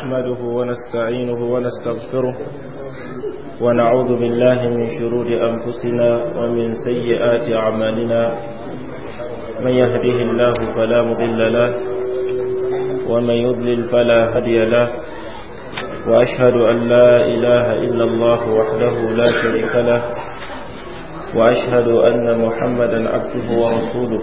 نحمده ونستعينه ونستغفره ونعوذ بالله من شرور أنفسنا ومن سيئات أعمالنا من يهده الله فلا مضل له ومن يضلل فلا هدي له وأشهد أن لا إله إلا الله وحده لا شريك له وأشهد أن محمدا عبده ورسوله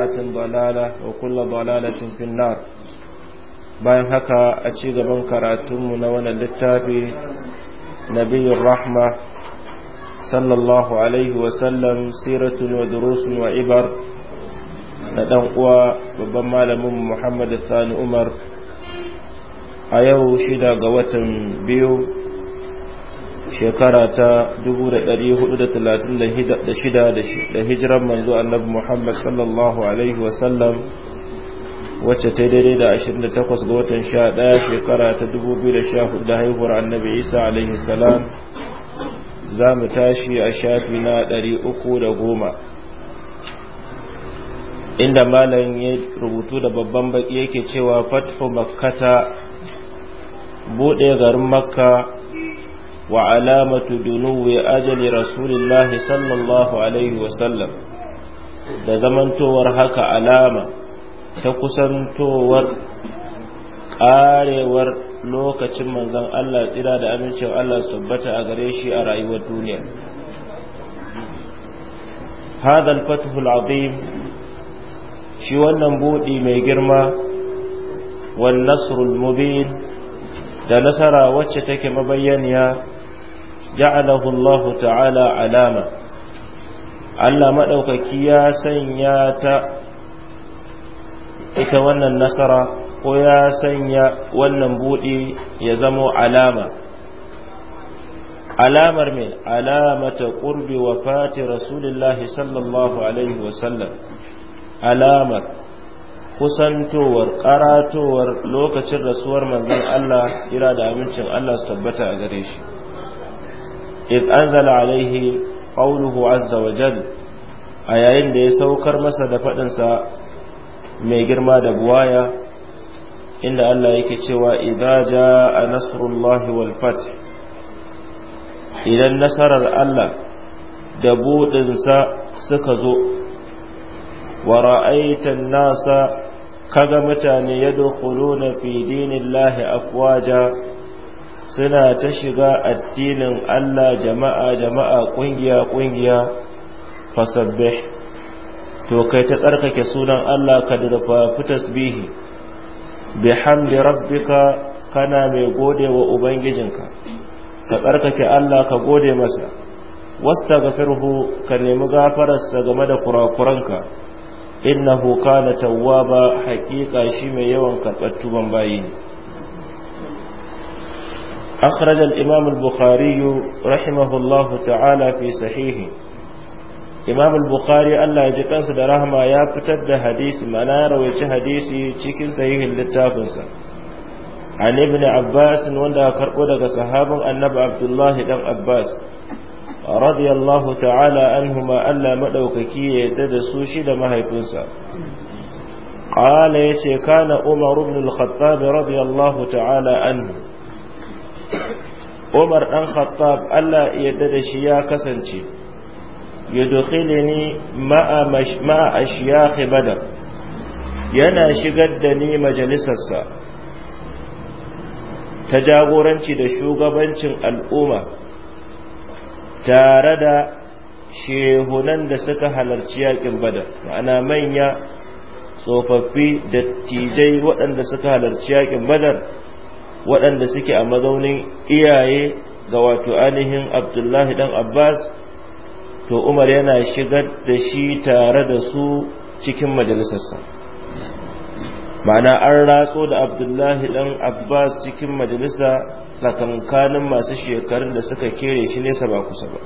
بدعة ضلالة وكل ضلالة في النار bayan haka a ci gaban karatunmu na wannan littafi nabiyun rahma sallallahu alaihi sallam siratun wa durusun wa ibar na dan uwa babban malamin muhammad sani umar a yau shida ga watan biyu shekara ta 436 da hijiran manzo annabi Muhammad sallallahu alaihi wasallam wacce ta daidai da 28 ga watan 11 shekara ta 2014 da haihuwar annabi Isa alaihi salam za mu tashi a shafi na 310 inda malam ya rubutu da babban baki yake cewa fathu makkata bude garin makka وعلامة دنو أجل رسول الله صلى الله عليه وسلم da zamantowar haka alama ta kusantowar karewar lokacin manzon Allah tsira da amincin Allah subbata a gare shi a rayuwar duniya hadal الفتح العظيم shi wannan buɗi mai girma wan nasrul mubin da nasara wacce take mabayyaniya ja'alahu Allah ta'ala alama Allah maɗaukaki ya sanya ta ita wannan nasara ko ya sanya wannan buɗe ya zamo alama alamar mai alamata ƙurbi wa fati rasulullahi sallallahu alaihi wasallam alamar kusantowar ƙaratowar lokacin rasuwar manzon Allah ira da amincin Allah su tabbata a gare shi إذ أنزل عليه قوله عز وجل أيين دي سوكر مسد فأنسى ميجر ما دبوايا إن الله يكتشوى إذا جاء نصر الله والفتح إذا نصر الله دبود انسى سكزو ورأيت الناس كذا متى يدخلون في دين الله أفواجا suna ta shiga addinin Allah jama'a jama'a kungiya kungiya fasabbih to kai ta tsarkake sunan Allah ka da fa tasbihi bihamdi rabbika kana mai gode wa ubangijinka ka tsarkake Allah ka gode masa wastaghfirhu ka nemi gafararsa game da kurakuranka innahu kana tawwaba haqiqa shi mai yawan karɓar ban bayi ne أخرج الإمام البخاري رحمه الله تعالى في صحيحه إمام البخاري ألا يجقن صدرهما يا فتد حديث منا رويت حديثي تشكل صحيح للتافنسا عن ابن عباس وندا كربودك صحاب النبي عبد الله بن عباس رضي الله تعالى عنهما ألا مدوككي يدد سوشي لما هيكونسا قال يتي كان عمر بن الخطاب رضي الله تعالى عنه umar ɗan khattab allah yadda da shi ya kasance ya ni ma'a ke badar yana shigar da ni majalisarsa ta jagoranci da shugabancin al'umma tare da shehunan da suka halarci yakin badar ma'ana manya tsofaffi dattijai waɗanda suka halarci yaƙin badar waɗanda suke a mazaunin iyaye ga wato ainihin abdullahi ɗan abbas to umar yana shigar da shi tare da su cikin majalisarsa ma'ana an ratso da abdullahi ɗan abbas cikin majalisa tsakankanin masu shekarun da suka kere shi nesa ba kusa ba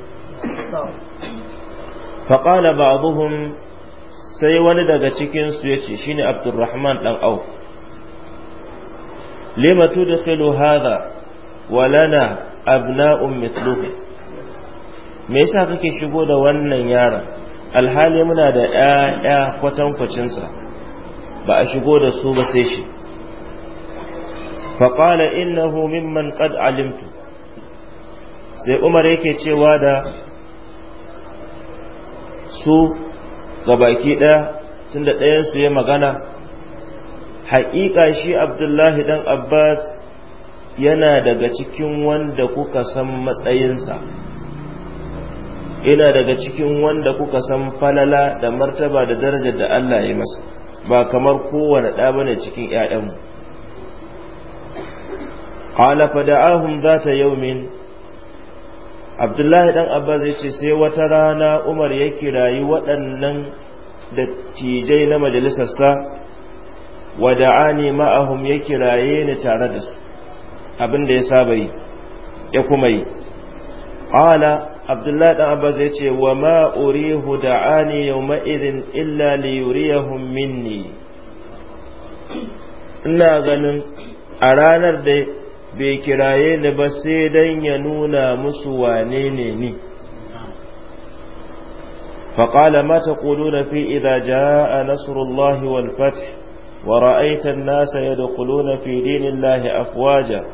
faƙala ba sai wani daga cikinsu ya ce shi ne abdurrahman ɗan auf Lematu da hadha wa lana abna'un mithluhu me yasa kake shigo da wannan yaron alhali muna da 'ya'ya kwatankwacinsa. sa ba a shigo da su ba sai shi fa qala innahu mimman qad alimtu sai Umar yake cewa da su gabaki ɗaya tunda ɗayan su ya magana haƙiƙa shi abdullahi dan abbas yana daga cikin wanda kuka san matsayinsa yana daga cikin wanda kuka san falala da martaba da darajar da allah ya masa ba kamar kowane ɗa bane cikin 'ya'yanmu qala fa da'ahum zata yawmin abdullahi dan abbas ya ce sai wata rana umar ya kirayi waɗannan dattijai na majalisarsa wa da'ani ma'ahum ya kiraye ni tare da su abin da ya saba yi ya kuma yi qala abdullahi dan abbas ya ce wa ma urihu da'ani yawma idin illa li yuriyahum minni ina ganin a ranar da bai kiraye ni ba sai dan ya nuna musu wane ne ni فقال ما تقولون في إذا جاء نصر الله والفتح ورأيت الناس يدخلون في دين الله أفواجا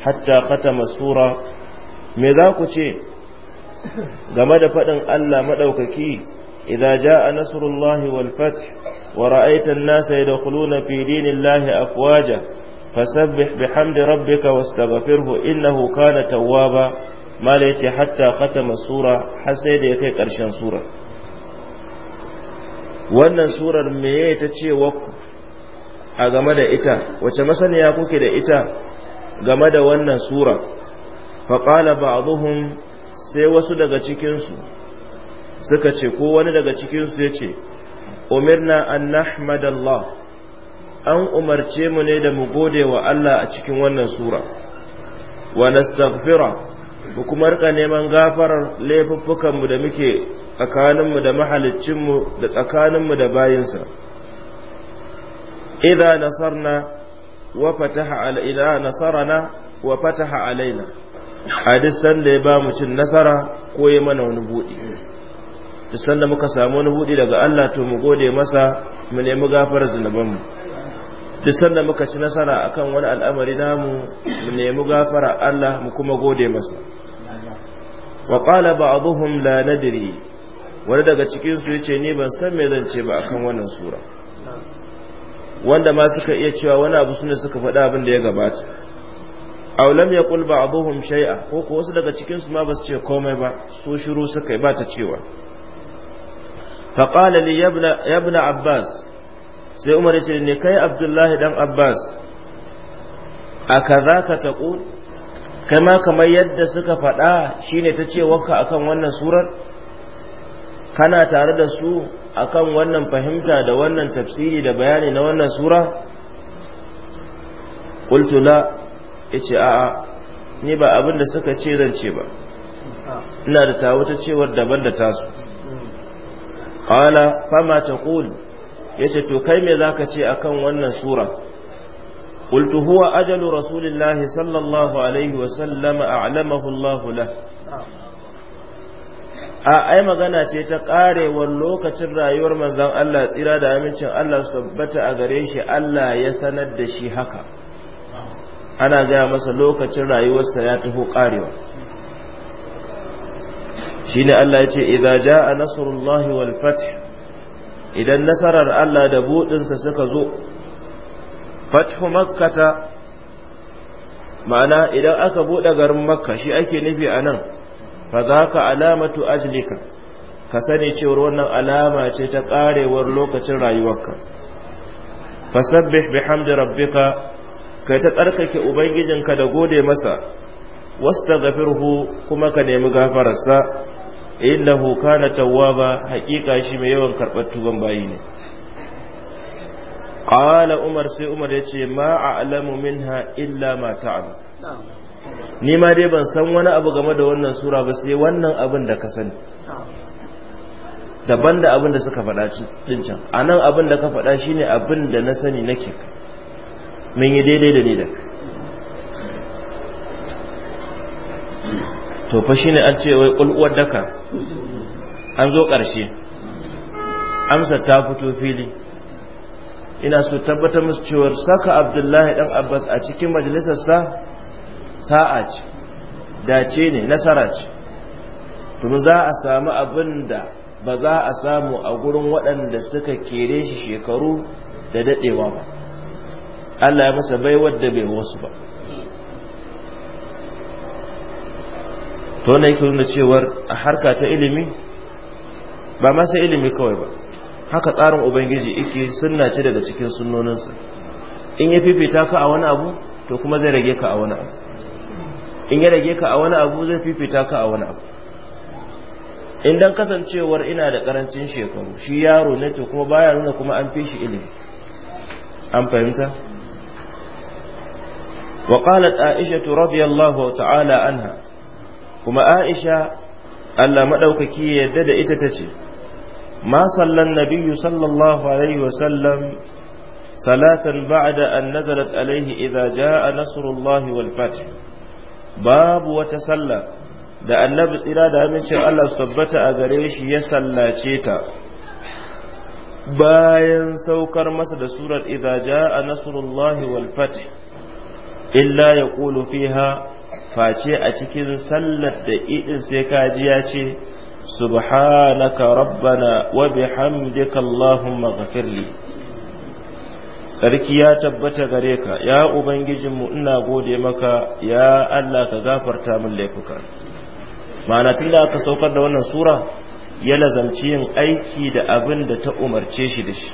حتى ختم السورة ماذا ce game da faɗin Allah maɗaukaki idza jaa nasrullahi wal fath wa ra'aita an-nasa yadkhuluna fi dinillahi afwaja fasabbih bihamdi rabbika wastaghfirhu innahu kana tawwaba mala yace hatta katama sura har da ya kai ƙarshen sura wannan surar meye ta ce wa a game da ita wace masaniya kuke da ita game da wannan sura faƙala ba'dhum sai wasu daga cikinsu suka ce ko wani daga cikinsu ya ce umirna an nahmadallah an umarce mu ne da mu gode wa Allah a cikin wannan sura wa nastaghfira mu kuma rika neman gafarar laifuffukanmu da muke tsakaninmu da mahaliccinmu da tsakaninmu da bayinsa idza nasarna wa fataha ala idza nasarana wa fataha alaina a duk sanda ya ba mu cin nasara ko ya mana wani buɗi duk sanda muka samu wani buɗi daga Allah to mu gode masa mu nemi gafarar zunubanmu duk sanda muka ci nasara akan wani al'amari namu mu nemi gafara Allah mu kuma gode masa wa qala ba'dhum la nadri wani daga cikin su yace ni ban san me zan ce ba akan wannan sura wanda ma suka iya cewa wani abu sune suka faɗa abin da ya gabata aw lam yaqul ba'dhum shay'a ko ko wasu daga cikin su ma basu ce komai ba su shiru suka yi ba ta cewa fa qala li yabna yabna abbas sai umar ya ce ne kai abdullahi dan abbas akaza ka taqul kama kamar yadda suka faɗa shine ta ce wanka akan wannan surar kana tare da su akan wannan fahimta da wannan tafsiri da bayani na wannan sura qultu la yace a'a ni ba abin da suka ce zan ce ba ina da ta wata cewar daban da tasu qala fama taqul yace to kai me zaka ce akan wannan sura قلت huwa ajalu رسول الله صلى الله عليه وسلم أعلمه a ai magana ce ta karewar lokacin rayuwar manzon Allah tsira da amincin Allah su tabbata a gare shi Allah ya sanar da shi haka ana gaya masa lokacin rayuwarsa ya taho karewa shine Allah ya ce idza jaa nasrullahi wal fath idan nasarar Allah da buɗinsa suka zo fathu makkata ma'ana idan aka buɗe garin makka shi ake nufi anan fa zaka alamatu ajlika ka sani cewar wannan alama ce ta karewar lokacin rayuwarka fasabbih bihamdi rabbika kai ta tsarkake ubangijinka da gode masa wastaghfirhu kuma ka nemi gafararsa innahu kana tawwaba haƙiƙa shi mai yawan karɓar tuban bayi ne qala umar sai umar yace ma a'lamu minha illa ma ta'lam ni ma dai ban san wani abu game da wannan sura ba sai wannan abin da ka sani daban da abin da suka faɗa din can a nan abin da ka faɗa shine abin da na sani nake mun yi daidai da ni da ka to fa shine an ce wai kulkuwar daka an zo ƙarshe amsa ta fito fili ina so tabbatar musu cewar saka abdullahi dan abbas a cikin majalisarsa sa'a ce dace ne nasara ce domin za a samu abin da ba za a samu a gurin waɗanda suka kere shi shekaru da daɗewa ba Allah ya masa bai wadda bai wasu ba to na yake nuna cewar a harka ta ilimi ba masa ilimi kawai ba haka tsarin ubangiji yake sunna ce daga cikin sunnoninsa in ya fifita ka a wani abu to kuma zai rage ka a wani abu in ya rage ka a wani abu zai fifita ka a wani abu in dan kasancewar ina da karancin shekaru shi yaro ne to kuma baya nuna kuma an fi shi ilimi an fahimta wa qalat aisha radiyallahu ta'ala anha kuma aisha Allah madaukaki ya yarda da ita tace ma sallan nabiyyu sallallahu alaihi wa sallam salatan ba'da an nazalat alaihi idza jaa nasrullahi wal fath babu wata sallah da annabi tsira da amincin Allah su tabbata a gare shi ya sallace ta bayan saukar masa da surar idza jaa nasrullahi wal fath illa yaqulu fiha face a cikin sallar da idin sai kaji ya ce subhanaka rabbana wa bihamdika allahumma ghafirli sarki ya tabbata gare ka ya ubangijinmu ina gode maka ya Allah ka gafarta min laifuka ma'ana tun da aka saukar da wannan sura ya lazamci yin aiki da abin da ta umarce shi da shi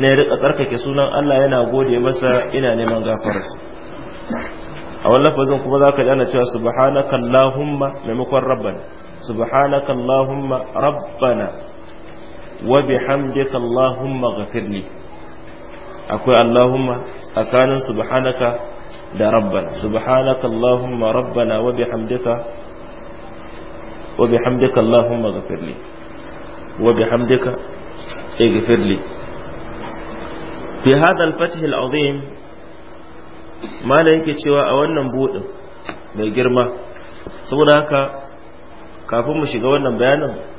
na ya rika tsarkake sunan Allah yana gode masa ina neman gafararsa a wani lafazin kuma za ka jana cewa subhanaka allahumma maimakon rabbana subhanaka allahumma rabbana wa bihamdika allahumma ghafirli akwai Allahumma tsakanin subhanaka da rabbana subhanaka Allahumma rabbana wa bihamdika wa bihamdika Allahumma ghafirli wa bihamdika ighfirli fi hadha al-fath al-azim mala yake cewa a wannan budin mai girma saboda haka kafin mu shiga wannan bayanin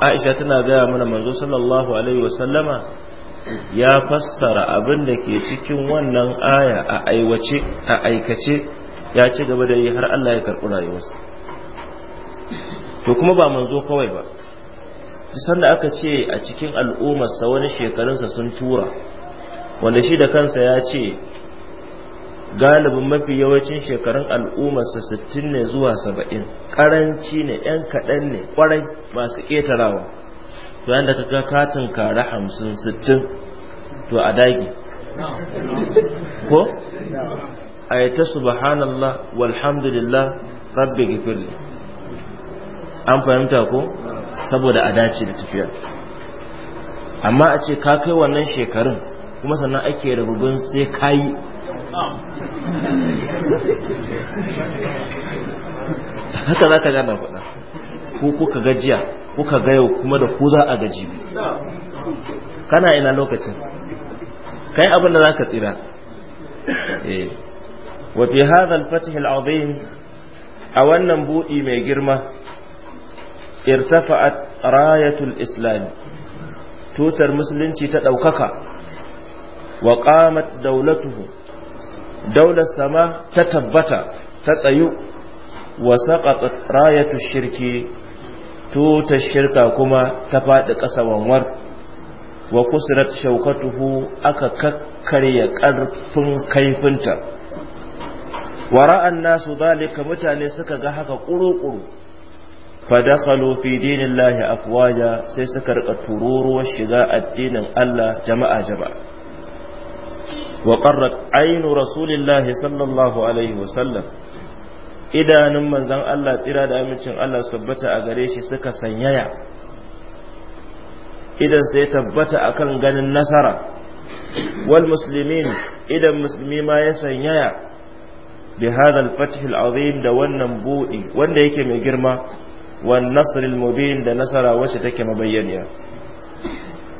Aisha tana gaya mana manzo sallallahu alaihi wa sallama ya fassara abin da ke cikin wannan aya a aiwace a aikace ya ci gaba da yi har Allah ya karɓi rayuwarsa to kuma ba manzo kawai ba da aka ce a cikin al'ummarsa wani shekarunsa sun tura wanda shi da kansa ya ce galibin mafi yawancin shekarun al'ummarsa sittin ne zuwa saba'in ƙaranci ne 'yan kaɗan ne kwarai masu ƙetarawa to yanda ka ga katin kare hamsin sittin to a dage ko a yi ta subhanallah walhamdulillah rabbi gifirli an fahimta ko saboda a dace da tafiyar amma a ce ka kai wannan shekarun kuma sannan ake rububin sai ka yi haka za ka gana kuɗa ko kuka gajiya kuka ga yau kuma da ku za a gaji kana ina lokacin kai abin da ka tsira eh wa fi hadha a wannan buɗi mai girma irtafa'at rayatul islam tutar musulunci ta ɗaukaka wa qamat daulatuhu daular sama ta tabbata ta tsayu wa saqatat rayatul shirki tuta shirka kuma ta faɗi ƙasa wanwar wa kusurat shaukatuhu aka kakkarya ƙarfin kaifinta wara'an nasu zalika mutane suka ga haka ƙuruƙuru Fa fadakhalu fi dinillahi afwaja sai suka rika tururuwar shiga addinin Allah jama'a jama'a wa qarrat aynu rasulillahi sallallahu alaihi wasallam idanun manzon Allah tsira da amincin Allah su tabbata a gare shi suka sanyaya idan sai tabbata akan ganin nasara wal muslimin idan musulmi ma ya sanyaya bi hadha al fath al azim da wannan buɗi wanda yake mai girma wan nasr al mubin da nasara wacce take ba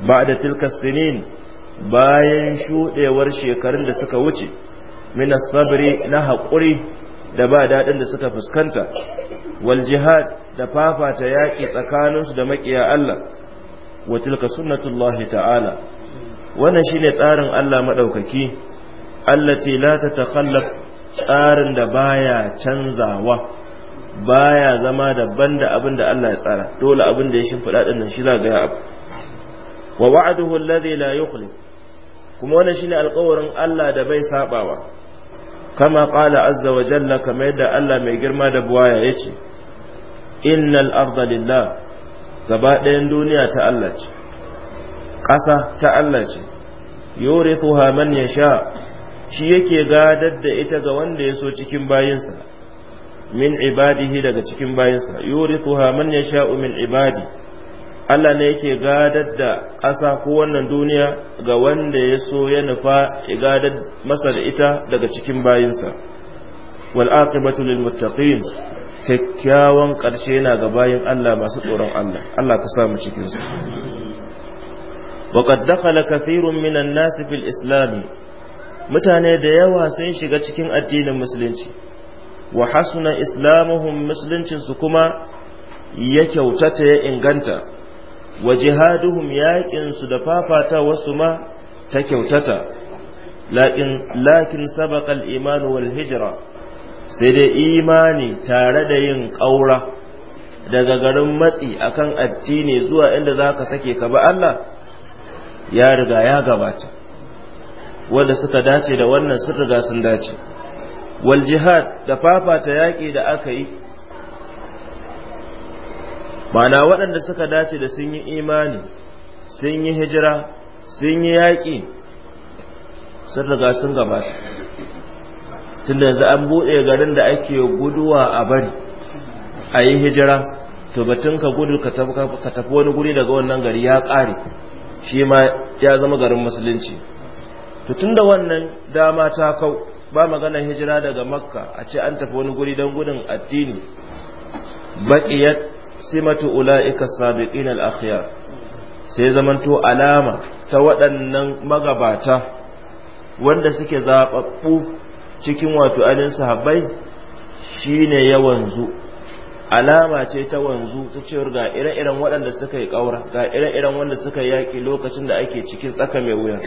ba'da tilka sinin bayan shudewar shekarun da suka wuce min as-sabri na haƙuri da ba daɗin da suka fuskanta wal jihad da fafata yaƙi tsakaninsu da maƙiya Allah wa tilka sunnatullahi ta'ala wannan shine tsarin Allah maɗaukaki allati la tatakhallaf tsarin da baya canzawa baya zama daban da abin da Allah ya tsara dole abin da ya shimfiɗa ɗin nan shi za ga ya abu wa wa'aduhu alladhi la yukhlif kuma wannan shine alƙawarin Allah da bai sabawa kama qala azza wa jalla kamar yadda Allah mai girma da buwaya yace innal arda lillah gaba ɗayan duniya ta Allah ce ƙasa ta Allah ce yurithuha man yasha shi yake gadar da ita ga wanda ya so cikin bayinsa min ibadihi daga cikin bayinsa yurithuha man yasha'u min ibadi Allah ne yake gadar da ƙasa ko wannan duniya ga wanda ya so ya nufa ya gadar masa da ita daga cikin bayinsa wal aqibatu lil muttaqin kyakkyawan ƙarshe na ga bayin Allah masu tsoron Allah Allah ka samu cikin su wa qad dakhala kathirun minan nas fil islam mutane da yawa sun shiga cikin addinin musulunci wa hasuna islamuhum musuluncinsu kuma ya kyautata ya inganta wa jihaduhum yaƙin su da fafata wasu ma ta kyautata lakin lakin sabaqa al wal hijra sai dai imani tare da yin ƙaura daga garin matsi akan addini zuwa inda zaka sake ka ba Allah ya riga ya gabata wanda suka dace da wannan sun riga sun dace wal jihad da fafata yaƙi da aka yi Mana waɗanda suka dace da sun yi imani sun yi hijira sun yi yaƙi sun riga sun gabata tun da yanzu an buɗe garin da ake guduwa a bari a yi hijira to batun ka gudu ka tafi wani guri daga wannan gari ya ƙare shi ma ya zama garin musulunci to tun da wannan dama ta kau ba maganar hijira daga makka a ce an tafi wani guri don gudun addini baƙiyar simatu ula'ika sabiqin al-akhyar sai zamanto alama ta waɗannan magabata wanda suke zababbu cikin wato alin sahabbai shine yawanzu alama ce ta wanzu ta ce ga ire-iren waɗanda suka yi ƙaura ga ire-iren wanda suka yaƙi lokacin da ake cikin tsaka mai wuya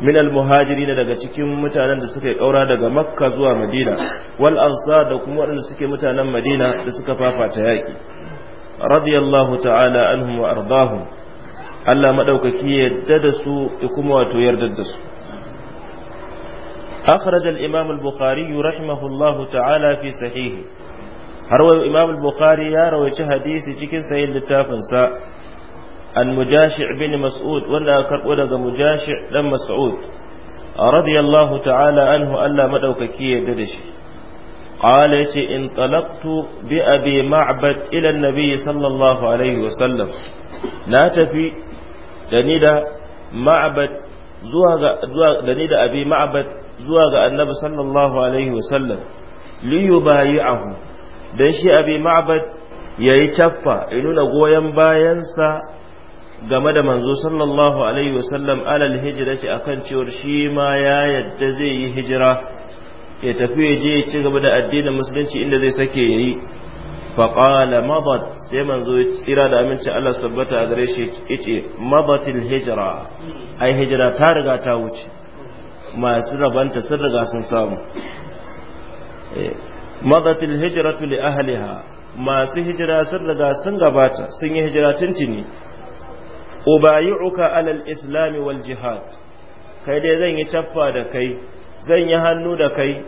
min almuhajirin daga cikin mutanen da suka kaura daga makka zuwa madina wal ansar da kuma waɗanda suke mutanen madina da suka fafata yaƙi radiyallahu ta'ala anhum wa ardahum Allah madaukaki yadda da su kuma wato yarda da su أخرج الإمام البخاري رحمه الله تعالى في صحيحه har wa imam al-bukhari ya rawaita hadisi cikin sahih littafin sa an mujashi' bin mas'ud wanda aka karbo daga mujashi' ɗan mas'ud radiyallahu ta'ala anhu Allah madaukaki ya da shi qala yace in talaqtu bi abi ma'bad ila an sallallahu alaihi wa sallam na tafi da ni zuwa ga da ni abi ma'bad zuwa ga sallallahu alaihi wa sallam dan shi abi yayi chaffa ya nuna goyon bayansa game da manzo sallallahu alaihi wasallam alal ce akan cewar shi ma ya yadda zai yi hijira ya tafi ya je ya ci gaba da addinin musulunci inda zai sake yi qala madat sai manzo ya tsira da aminci Allah tabbata a gare shi yace madatil hijra ai hijira ta riga ta wuce masu rabanta sun riga sun samu eh, madatil hijratu li ahliha masu hijira sun riga sun gabata sun yi hijira tuntuni ubayi'uka alal islami wal jihad kai dai zan yi caffa da kai zan yi hannu da kai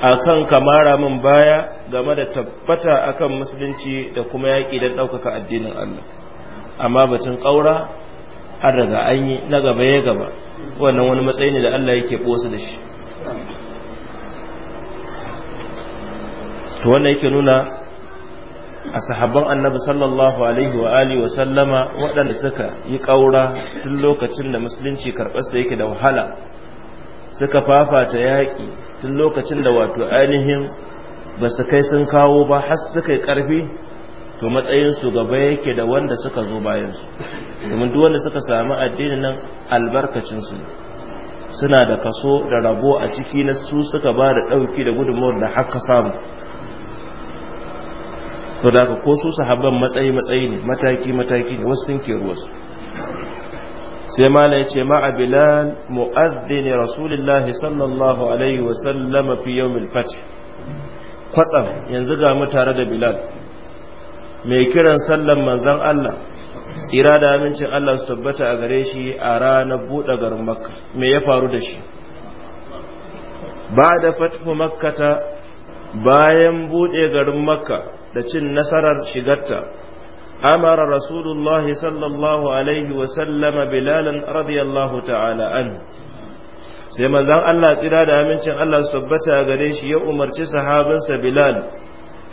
akan kamara min baya game da tabbata akan musulunci da kuma yaƙi don ɗaukaka addinin Allah amma batun ƙaura har daga an yi na gaba ya gaba wannan wani matsayi ne da Allah yake ɓosa da shi to wannan yake nuna a sahabban annabi sallallahu alaihi wa alihi wa sallama waɗanda suka yi ƙaura tun lokacin da musulunci karɓarsa yake da wahala suka fafata yaƙi tun lokacin da wato ainihin ba su kai sun kawo ba har suka yi ƙarfi to matsayinsu gaba yake da wanda suka zo bayansu domin duk wanda suka samu addinin nan albarkacinsu suna da kaso da rabo a ciki na su suka ba da ɗauki da gudunmawar da haka samu sau da ko su sahabban matsayi matsayi ne mataki mataki ne wasu sun ke ruwasu sai mala ya ce ma'a bilal mu'azzini rasulillahi sallallahu alaihi wasallama fi mil fath kwatsam yanzu ga mu tare da bilal mai kiran sallan manzon Allah tsira da amincin Allah su tabbata a gare shi a ranar buɗe garin makka me ya faru da shi ba da makka makkata bayan buɗe garin makka da cin nasarar shigarta amara Rasulullahi sallallahu alaihi wasallama bilalan radiyallahu ta'ala an sai manzan Allah tsira da amincin Allah su tabbata gare shi ya umarci sahabinsa bilal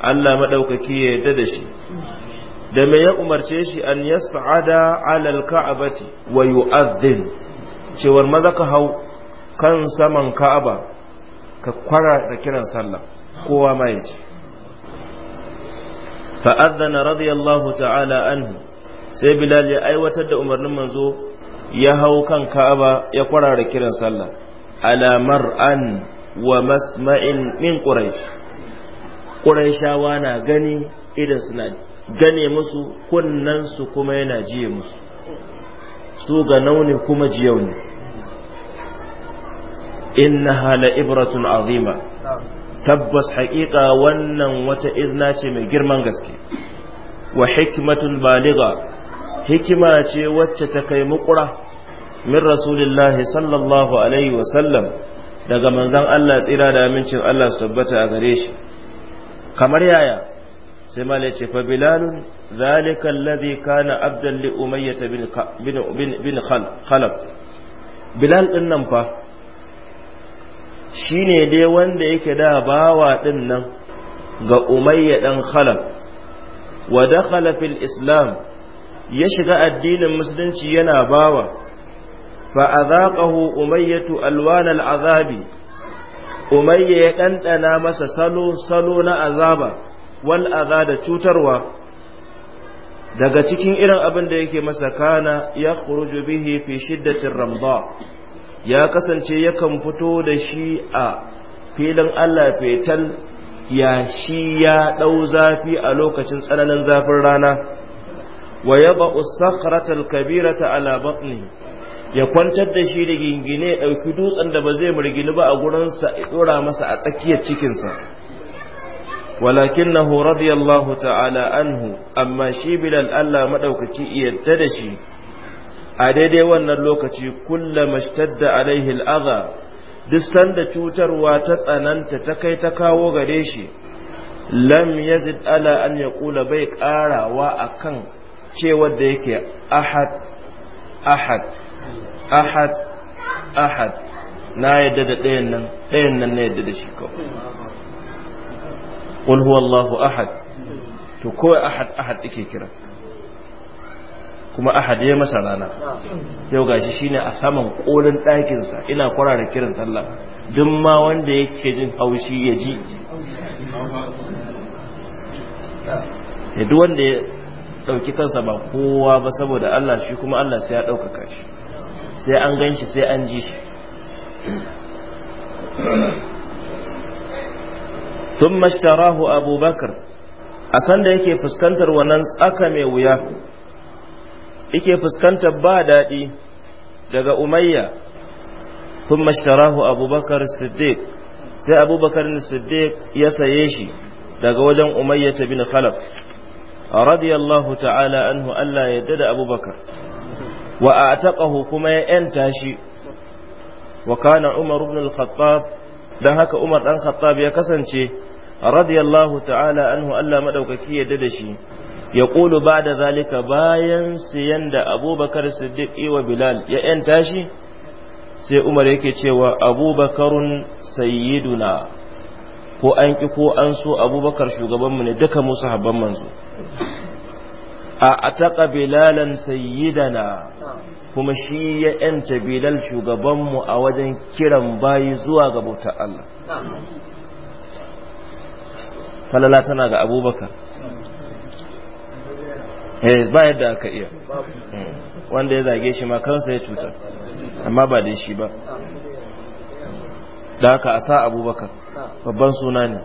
Allah maɗaukaki ya yarda da shi da me ya umarce shi an yas'ada alal ka'abati wa yu'adhdhin cewar maza ka hau kan saman ka'aba ka kwara da kiran sallah kowa ma yace فأذن رضي ta'ala ta'ala anhu. sai Bilal ya aiwatar da umarnin manzo ya hau kan Ka'aba ya kwarara kiran sallah Alamar mar'an wa masma'in min Quraysh Qurayshawa na gani idan suna gane musu kunnan su kuma yana jiye musu su ga nauni kuma jiyau ne innaha la ibratun azima tabbas haƙiƙa wannan wata izna ce mai girman gaske wa hikmatun baliga hikima ce wacce ta kai muƙura min rasulillahi sallallahu alaihi wasallam daga manzan Allah tsira da amincin Allah su tabbata a gare shi kamar yaya sai mala ce fa bilalun zalika alladhi kana abdan li umayyah bin bin bin khalaf bilal din nan fa shine dai wanda yake da bawa din nan ga umayya ɗan khalaf wa dakhala fil islam ya shiga addinin musulunci yana bawa fa azaqahu umayyatu alwanal azabi umayya ya ɗanɗana masa salo salo na azaba wal aza da cutarwa daga cikin irin abin da yake masa kana ya khuruju bihi fi shiddatin ramda ya kasance yakan fito da shi a filin Allah fetal ya shi ya ɗau zafi a lokacin tsananin zafin rana wa yaba usakhratal kabirata ala batni ya kwantar da shi da gingine ya ɗauki dutsen da ba zai murgini ba a gurinsa ya ɗora masa a tsakiyar cikinsa Walakin walakinahu radiyallahu ta'ala anhu amma shi bilal Allah madaukaki yadda da shi a daidai wannan lokaci kulla mashtadda alaihi al'adha duk sanda cutarwa ta tsananta ta kai ta kawo gare shi lam yazid ala an yaqula bai karawa akan cewa da yake ahad ahad ahad ahad na yadda da ɗayan nan ɗayan nan na yadda da shi kawai qul huwallahu ahad to kawai ahad ahad yake kira kuma ahad ya masa rana yau gashi shine a saman ɗakin ɗakinsa ina da kiran sallah duk ma wanda yake jin haushi ya ji ya duk wanda ya ɗauki kansa ba kowa ba saboda Allah shi kuma Allah sai ya dauka shi sai an gan shi sai an ji shi ثم Abubakar. أبو da yake fuskantar wannan tsaka mai wuya. yake fuskantar ba daɗi daga umayya kun mashtarahu abubakar siddiq sai abubakar siddiq ya saye shi daga wajen umayya ta bin khalaf radiyallahu ta'ala anhu Allah ya da abubakar wa a taƙahu kuma ya ‘yanta shi wa kana umar ibn al-khattab don haka umar ɗan khattab ya kasance radiyallahu ta'ala anhu Allah maɗaukaki ya da shi ya ƙulu ba da zalika bayan siyan da abubakar siddiq wa bilal ya ‘yanta shi sai umar yake cewa abubakarun sayyiduna ko an ƙi ko an so abubakar shugabanmu ne duka musu habban manzo a ataƙa bilalan sayyidana kuma shi ya ‘yanta bilal shugabanmu a wajen kiran bayi zuwa ga bautar Allah falala tana ga abubakar eh ba yadda aka iya wanda ya zage shi ma kansa ya cutar amma ba da shi ba da haka a sa abubakar babban suna ne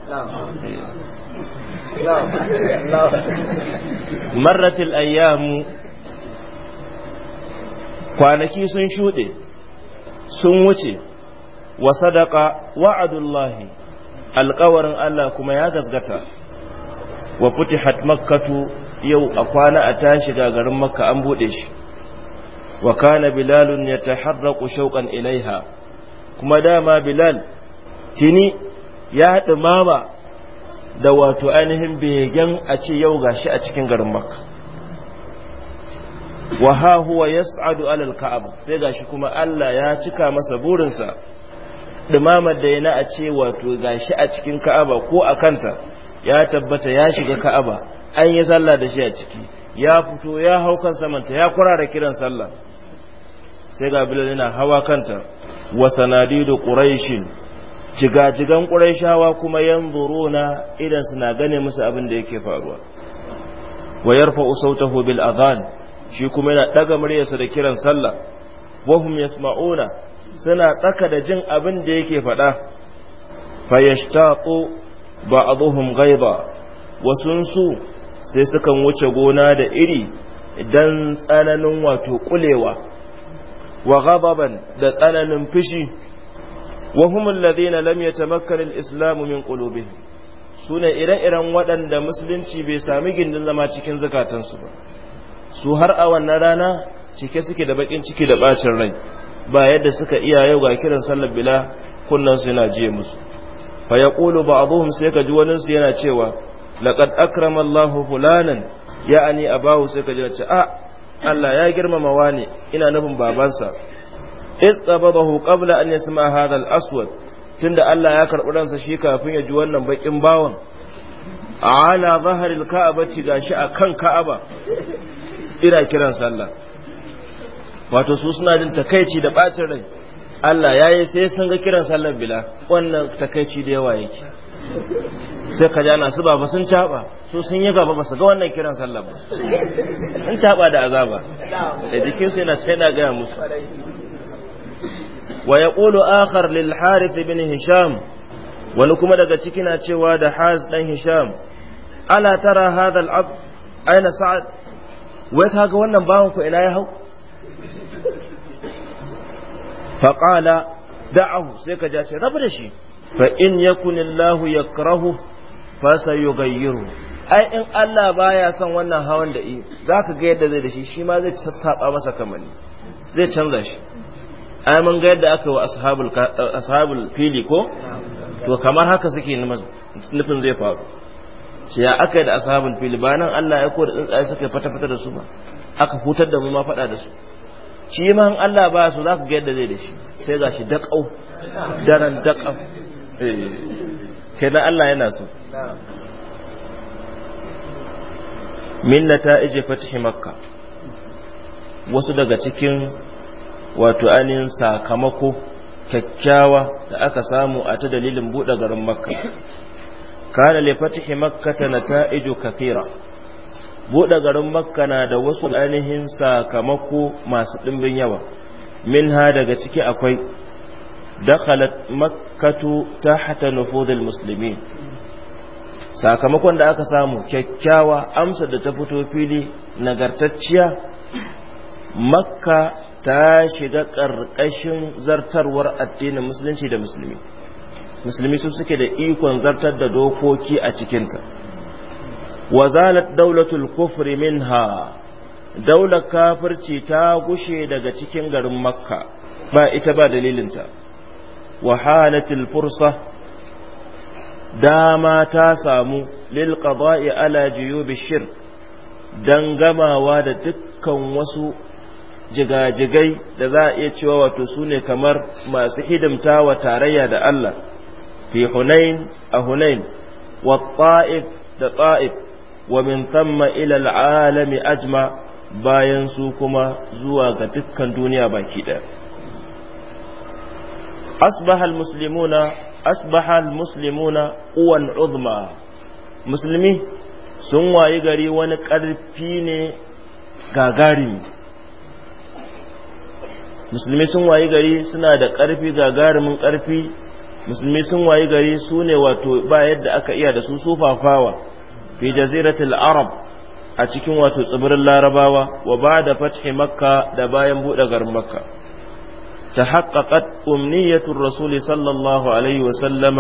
marratil ayyamu kwanaki sun shuɗe sun wuce wa sadaka wa'adullahi alƙawarin Allah kuma ya gasgata wa futihat makkatu yau a kwana a tashi ga garin makka an buɗe shi wa kana bilalun ya taharraku shauƙan ilaiha kuma dama bilal tini ya haɗu mama da wato ainihin begen a ce yau gashi a cikin garin makka wa ha huwa yas'adu alal ka'aba sai gashi kuma Allah ya cika masa burinsa dumamar da yana a ce wato gashi a cikin ka'aba ko a kanta ya tabbata ya shiga ka'aba an yi sallah da shi a ciki ya fito ya hau kan samanta ya kura da kiran sallah sai ga bilal yana hawa kanta wa sanadidu quraishin jigajigan quraishawa kuma yanzuruna idan suna gane musu abin da yake faruwa wa yarfa'u sautahu bil adhan shi kuma yana daga muryarsa da kiran sallah wa hum yasma'una suna tsaka da jin abin da yake faɗa fayashtaqu ba'dhum ghaiba wasunsu sai sukan wuce gona da iri dan tsananin wato kulewa wa ghadaban da tsananin fishi wa hum alladhina lam yatamakkan Islamu islam min qulubihim sune ire-iren waɗanda musulunci bai sami gindin zama cikin zakatansu ba su har a wannan rana cike suke da bakin ciki da bacin rai ba yadda suka iya yau ga kiran sallar bila kunnan su yana jiye musu fa yaqulu ba'dhum sai ka ji wani su yana cewa laqad akrama Allahu fulanan a bahu sai ka ce a ah, Allah ya girmama wani ina nufin babansa bahu qabla an yasma hadha al-aswad tunda Allah ya karɓi ransa shi kafin ya ji wannan bakin bawon ala zaharil ka'abati gashi kan ka'aba ina kiran sallah wato su suna jin takaici da bacin rai Allah ya yi sai sun ga kiran sallar bila wannan takaici da yawa yake sai ka jana su ba sun caba su sun yi gaba ba su ga wannan kiran sallah ba sun caba da azaba da jikin su yana sai na gaya musu wa yaqulu akhar lil harith bin hisham wani kuma daga ciki na cewa da haz dan hisham ala tara hadha al ab aina sa'ad wai wannan bawan ku ina ya hau fa qala da'ahu sai ka ja shi rabu da shi fa in yakunillahu yakrahu fasa yughayyiru ai in Allah baya son wannan hawan da yi zaka ga yadda zai da shi shi ma zai sassaɓa masa kamani zai canza shi ai mun ga yadda aka wa ashabul ashabul fili ko to kamar haka suke nufin zai faru shi ya aka yi da ashabul fili ba nan Allah ya ko da tsuntsaye suka fata fata da su ba aka hutar da mu ma fada da su shi ma in Allah ba su zaka ga yadda zai da shi sai gashi daƙau daren daƙau eh kenan Allah yana so min nata'ij fathi makka wasu daga cikin wato anin sakamako kyakkyawa da aka samu a ta dalilin buɗe garin makka kana ta fathi makkata nata'iju kathira buɗe garin makka na da wasu ainihin sakamako masu ɗimbin yawa minha daga ciki akwai dakhalat makkatu tahta nufudil muslimin sakamakon da aka samu kyakkyawa amsar da ta fito fili nagartacciya makka ta shiga ƙarƙashin zartarwar addinin musulunci da musulmi musulmi su suke da ikon zartar da dokoki a cikinta wazalat daulatul kufri minha daular kafirci ta gushe daga cikin garin makka ba ita ba dalilinta wahalatul fursa dama ta samu lil qada'i ala juyubi shirk dan gamawa da dukkan wasu jigajigai da za a iya cewa wato sune kamar masu hidimta wa tarayya da Allah fi Hunain a Hunain wa Ta'if da Ta'if wa min thamma ila alami ajma bayan su kuma zuwa ga dukkan duniya baki ɗaya asbaha al-muslimuna asbaha almuslimuna uwan uzma musulmi sun wayi gari wani karfi ne gagarimi musulmi sun wayi gari suna da ƙarfi gagarimin ƙarfi musulmi sun wayi gari su ne wato ba yadda aka iya da su sufafawa fi jaziratul arab a cikin wato tsibirin larabawa wa ba da fathi makka da bayan buɗe garin makka تحققت أمنية الرسول صلى الله عليه وسلم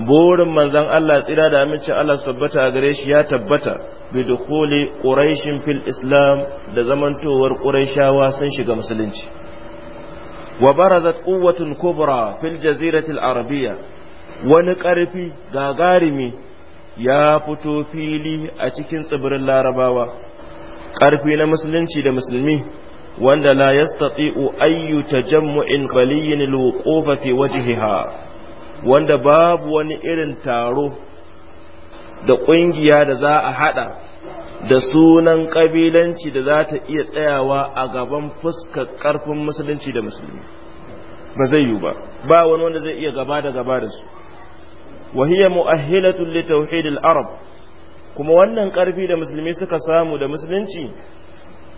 burin manzon Allah tsira da amincin Allah su tabbata a gare shi ya tabbata bi dukuli fil islam da zamantowar quraishawa sun shiga musulunci wa barazat quwwatun kubra fil jaziratil arabiyya wani ƙarfi gagarumi ya fito fili a cikin tsibirin larabawa ƙarfi na musulunci da musulmi wanda la yastati'u ayyu tajammu'in ghaliyyin alwuqufa fi wajhiha wanda babu wani irin taro da kungiya da za a hada da sunan kabilanci da za ta iya tsayawa a gaban fuskar karfin musulunci da musulmi ba zai yi ba ba wani wanda zai iya gaba da gaba da su wa hiya li tauhidil arab kuma wannan karfi da musulmi suka samu da musulunci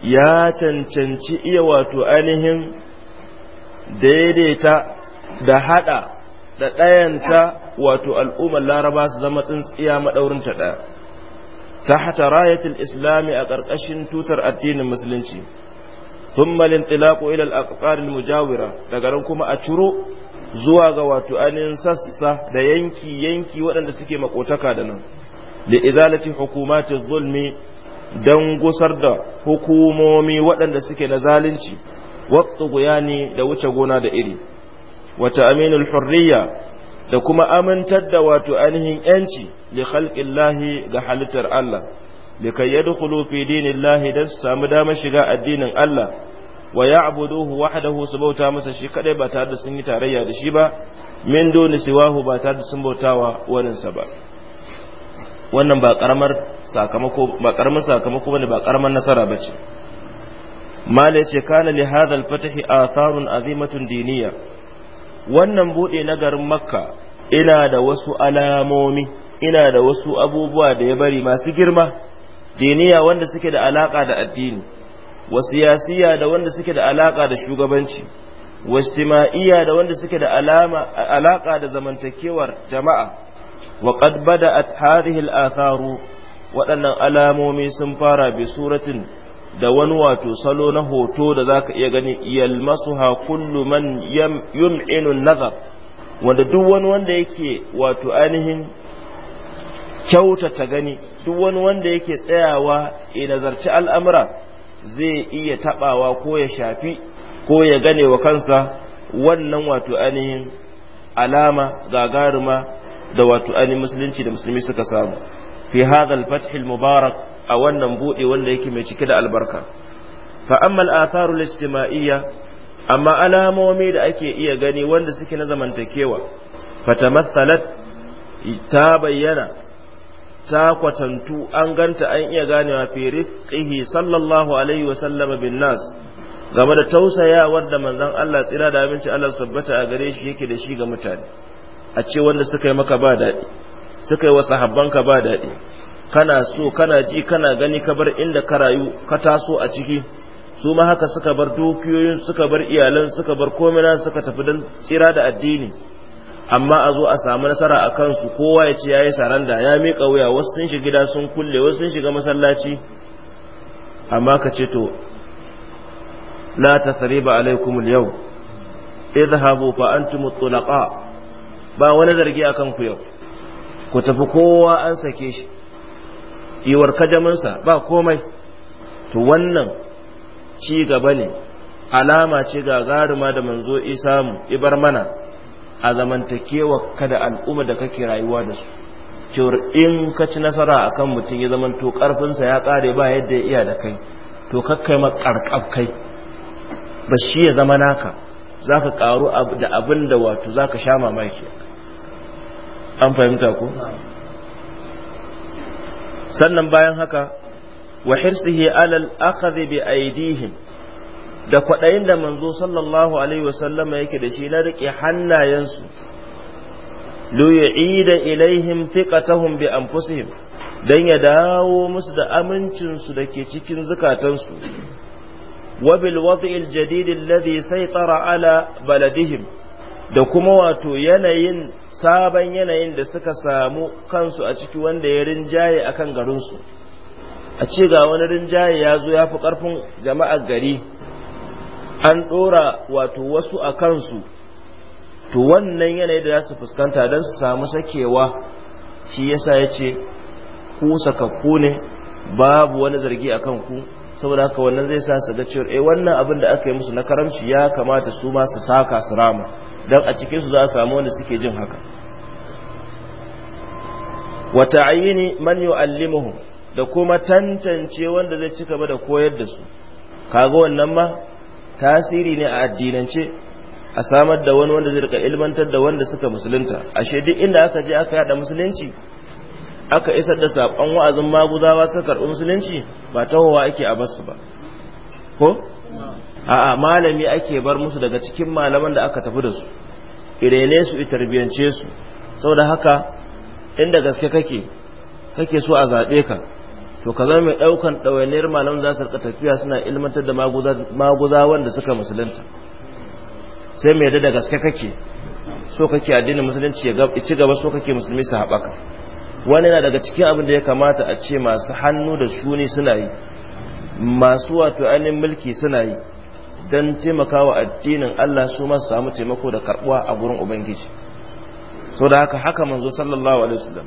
ya cancanci iya wato ainihin daidaita da hada da ɗayanta wato al'ummar laraba su zama tsintsiya maɗaurinta ɗaya ta hata rayatul islami a ƙarƙashin tutar addinin musulunci sun malin tilaƙo ilal aƙaƙarin mujawira daga nan kuma a ciro zuwa ga wato ainihin sassa da yanki yanki waɗanda suke makotaka da nan da izalati hukumatin zulmi don gusar da hukumomi waɗanda suke na zalunci waƙa ne da wuce gona da iri wata aminul hurriya da kuma amintar da wato ainihin yanci li khalqillahi ga halittar Allah Likayya yadkhulu fi dinillahi dan su samu damar shiga addinin Allah wa ya'buduhu wahdahu su bauta masa shi kadai ba tare da sun yi tarayya da shi ba min doni siwahu ba tare da sun bautawa waninsa ba wannan ba karamar sakamako ba karamin sakamako bane ba karamar nasara bace mala yace kana li hadha al fatahi atharun azimatun diniya wannan bude na garin makka ina da wasu alamomi ina da wasu abubuwa da ya bari masu girma diniya wanda suke da alaka da addini wa siyasiya da wanda suke da alaka da shugabanci wa da wanda suke da alama alaka da zamantakewar jama'a wa qad bada'at hadhihi al-atharu waɗannan alamomi sun fara bi suratin da wani wato salo na hoto da zaka iya gani yalmasuha kullu man yum'inu an-nazar wanda duk wani wanda yake wato ainihin kyautata gani duk wani wanda yake tsayawa ya nazarci al'amura zai iya taɓawa ko ya shafi ko ya gane wa kansa wannan wato ainihin alama gagaruma da wato ainihin musulunci da musulmi suka samu fi hadha al-fath al-mubarak a wannan bude wanda yake mai cike da albarka fa amma al-athar al-ijtima'iyya amma alamomi da ake iya gani wanda suke na zamantakewa fatamathalat ta bayyana ta kwatantu an ganta an iya ganewa fi rifqihi sallallahu alaihi wa sallama bin nas game da tausayawar da manzon Allah tsira da abinci Allah tabbata a gare shi yake da shi ga mutane a ce wanda suka yi maka ba daɗi suka yi wa sahabbanka ba daɗi kana so kana ji kana gani ka bar inda ka rayu ka taso a ciki su ma haka suka bar dukiyoyin suka bar iyalan suka bar komina suka tafi don tsira da addini amma a zo a samu nasara a kansu kowa ya ce ya yi saranda ya miƙa wuya wasu sun shiga gida sun kulle wasu sun shiga masallaci amma ka ce to la tasriba alaikum yawm idhabu fa antum at-tulaqa ba wani zargi a kan ku yau ku tafi kowa an sake shi iwar kajaminsa ba komai to wannan ci gaba ne alama ce gagaruma da manzo isamu ibar mana a zamantakewa kada al'umma da kake rayuwa da su cewar in ka ci nasara a kan mutum ya to ƙarfinsa ya kare ba yadda ya iya da kai to kakkai ƙarƙaf kai ba shi ya zama naka za ka karu da abin da wato za ka sha mamaki an fahimta ku? sannan bayan haka wa hirsihi alal akhadhi bi aidihim da kwaɗayin da manzo sallallahu alaihi wasallam yake da shi na riƙe hannayensu yu'ida ilaihim thiqatahum bi anfusihim dan ya dawo musu da amincinsu da ke cikin zukatansu وبالوضع الجديد الذي سيطر على بلدهم da kuma wato yanayin sabon yanayin da suka samu kansu a ciki wanda ya rinjaye a kan garinsu a ce ga wani rinjaye ya zo ya fi ƙarfin jama'ar gari an ɗora wato wasu a kansu to wannan yanayi da za su fuskanta don su samu sakewa shi yasa ya ce ku sakakku ne babu wani zargi a ku? saboda haka wannan zai sa su ga cewa eh wannan abin da aka yi musu na karamci ya kamata su ma su saka su rama dan a cikin su za a samu wanda suke jin haka wa ta'ayini man yu'allimuhu da kuma tantance wanda zai ci gaba da koyar da su kaga wannan ma tasiri ne a addinance a samar da wani wanda zai rika ilmantar da wanda suka musulunta ashe duk inda aka je aka yada musulunci aka isar da saƙon wa'azin maguzawa su karɓi musulunci ba ta tahowa ake a basu ba ko a'a malami ake bar musu daga cikin malaman da aka tafi da su irene su itarbiyance su sau da haka inda gaske kake kake so a zaɓe ka to ka zama mai ɗaukan ɗawainiyar malaman za su rika tafiya suna ilmantar da maguzawan da suka musulunta sai mai da gaske kake so kake addinin musulunci ya ci gaba so kake musulmi su haɓaka wani na daga cikin abin da ya kamata a ce masu hannu da shuni suna yi masu wato ainihin mulki suna yi don taimakawa addinin Allah su masu samu taimako da karbuwa a gurin ubangiji so da haka haka manzo sallallahu alaihi wasallam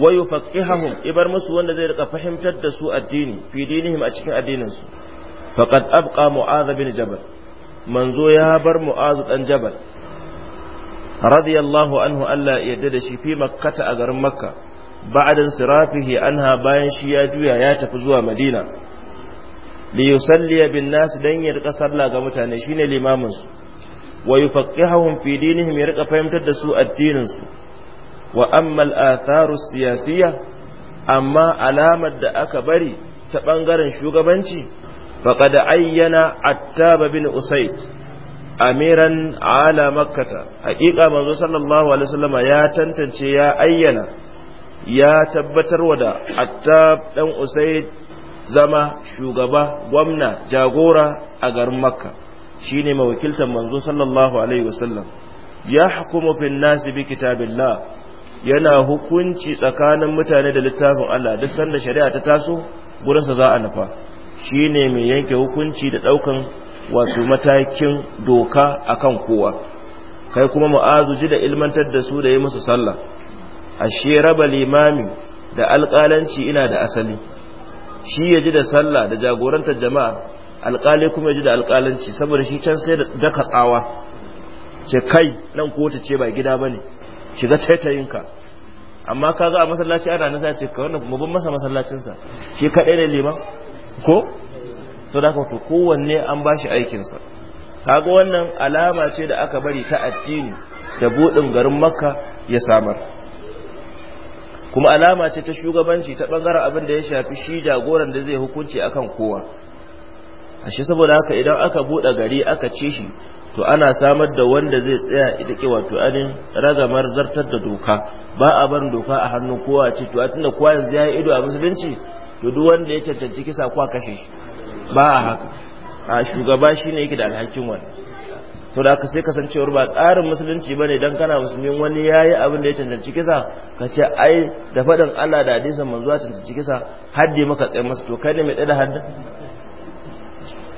wa yufaqihahum ibar musu wanda zai rika fahimtar da su addini fi dinihim a cikin addinin su faqad abqa mu'adh bin jabal manzo ya bar mu'adh dan jabal radiyallahu anhu Allah ya yarda da shi fi makkata a garin makka ba'adin sirafihi anha bayan shi ya juya ya tafi zuwa madina li yusalli bin nas dan ya rika sallah ga mutane shine limamin su wa yufaqqihum fi dinihim ya rika fahimtar da su addinin su wa amma al-atharu siyasiyya amma alamar da aka bari ta bangaren shugabanci faqad ayyana attab bin usayd amiran ala makkah haqiqa manzo sallallahu alaihi wasallama ya tantance ya ayyana ya tabbatar wa da attab dan usaid zama shugaba gwamna jagora a garin makka shine mawakiltan manzo sallallahu alaihi wasallam ya hukumu bin nasi bi kitabillah yana hukunci tsakanin mutane da littafin Allah duk sanda shari'a ta taso gurinsa za a nufa shine mai yanke hukunci da daukan wasu matakin doka akan kowa kai kuma mu'azu ji da ilmantar da su da yi musu sallah ashe raba limami da alƙalanci ina da asali shi ya ji da sallah da jagorantar jama'a alƙali kuma ya ji da alƙalanci saboda shi can sai da daka tsawa ce kai nan ta ce ba gida ba ne shiga taitayinka amma ka ga a masallaci ana nasa ce ka wannan mabin masa masallacinsa shi kaɗai ne liman ko to da ka kowanne an bashi shi aikinsa ga wannan alama ce da aka bari ta addini da buɗin garin makka ya samar kuma alama ce ta shugabanci ta bangaren abin da ya shafi shi jagoran da zai hukunci akan kowa shi saboda haka idan aka bude gari aka ce shi to ana samar da wanda zai tsaya ita ke wato anin ragamar zartar da doka ba a bar doka a hannun kowa ce to tunda kowa yanzu ya yi ido a musulunci to duk wanda ya cancanci kisa kowa kashe shi ba a haka a shugaba shine yake da alhakin wannan so da sai kasancewar ba tsarin musulunci bane dan kana musulmin wani yayi abin da ya cancanci kisa ka ce ai da faɗin Allah da hadisan manzo ya cancanci kisa haddi maka tsaye masu to kai ne mai da hadda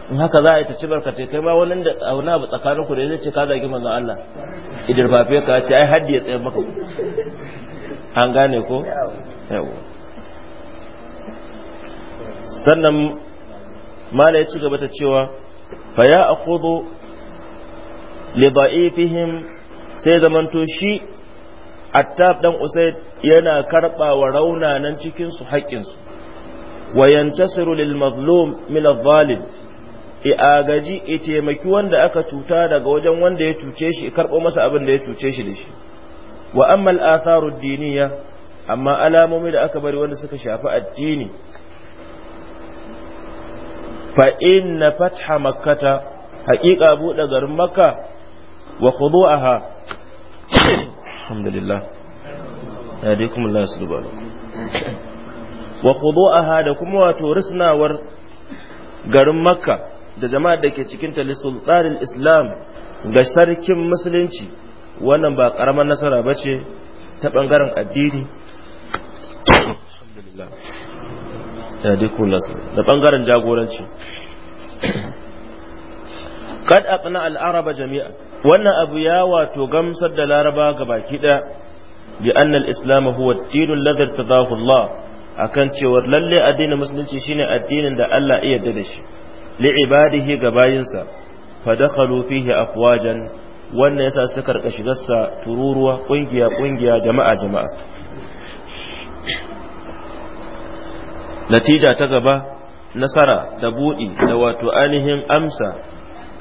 in haka za a yi ta ci barkatai kai ma wani da auna ba tsakanin ku da zai ce ka zagi manzo Allah idirfafe ka ce ai haddi ya tsaye maka an gane ko yawo sannan mala ya ci gaba ta cewa fa ya akhudhu li da'ifihim sai zamanto shi attab dan usaid yana karba wa raunanan cikin su haƙƙin su wa yantasiru lil mazlum min i agaji i taimaki wanda aka cuta daga wajen wanda ya cuce shi i karbo masa abin da ya cuce shi da shi wa amma al-atharu ad amma alamomi da aka bari wanda suka shafi addini fa inna fatha makkata haƙiƙa buɗe garin makka wa khudu'aha alhamdulillah alaikum Allah subhanahu wa khudu'aha da kuma wato risnawar garin makka da jama'ar da ke cikin talisul, tsarin islam ga sarkin musulunci wannan ba karamar nasara ba ce ta bangaren addini da bangaren jagoranci kad aqna al-araba jami'a wannan abu ya wato gamsar da laraba ga baki ɗaya bi annal islam huwa dinul ladhi tadahu Allah akan cewar lalle addinin musulunci shine addinin da Allah ya yarda da shi li ibadihi ga bayinsa fa dakhalu fihi afwajan wannan yasa suka rika shigarsa tururuwa kungiya kungiya jama'a jama'a natija ta gaba nasara da buɗi da wato ainihin amsa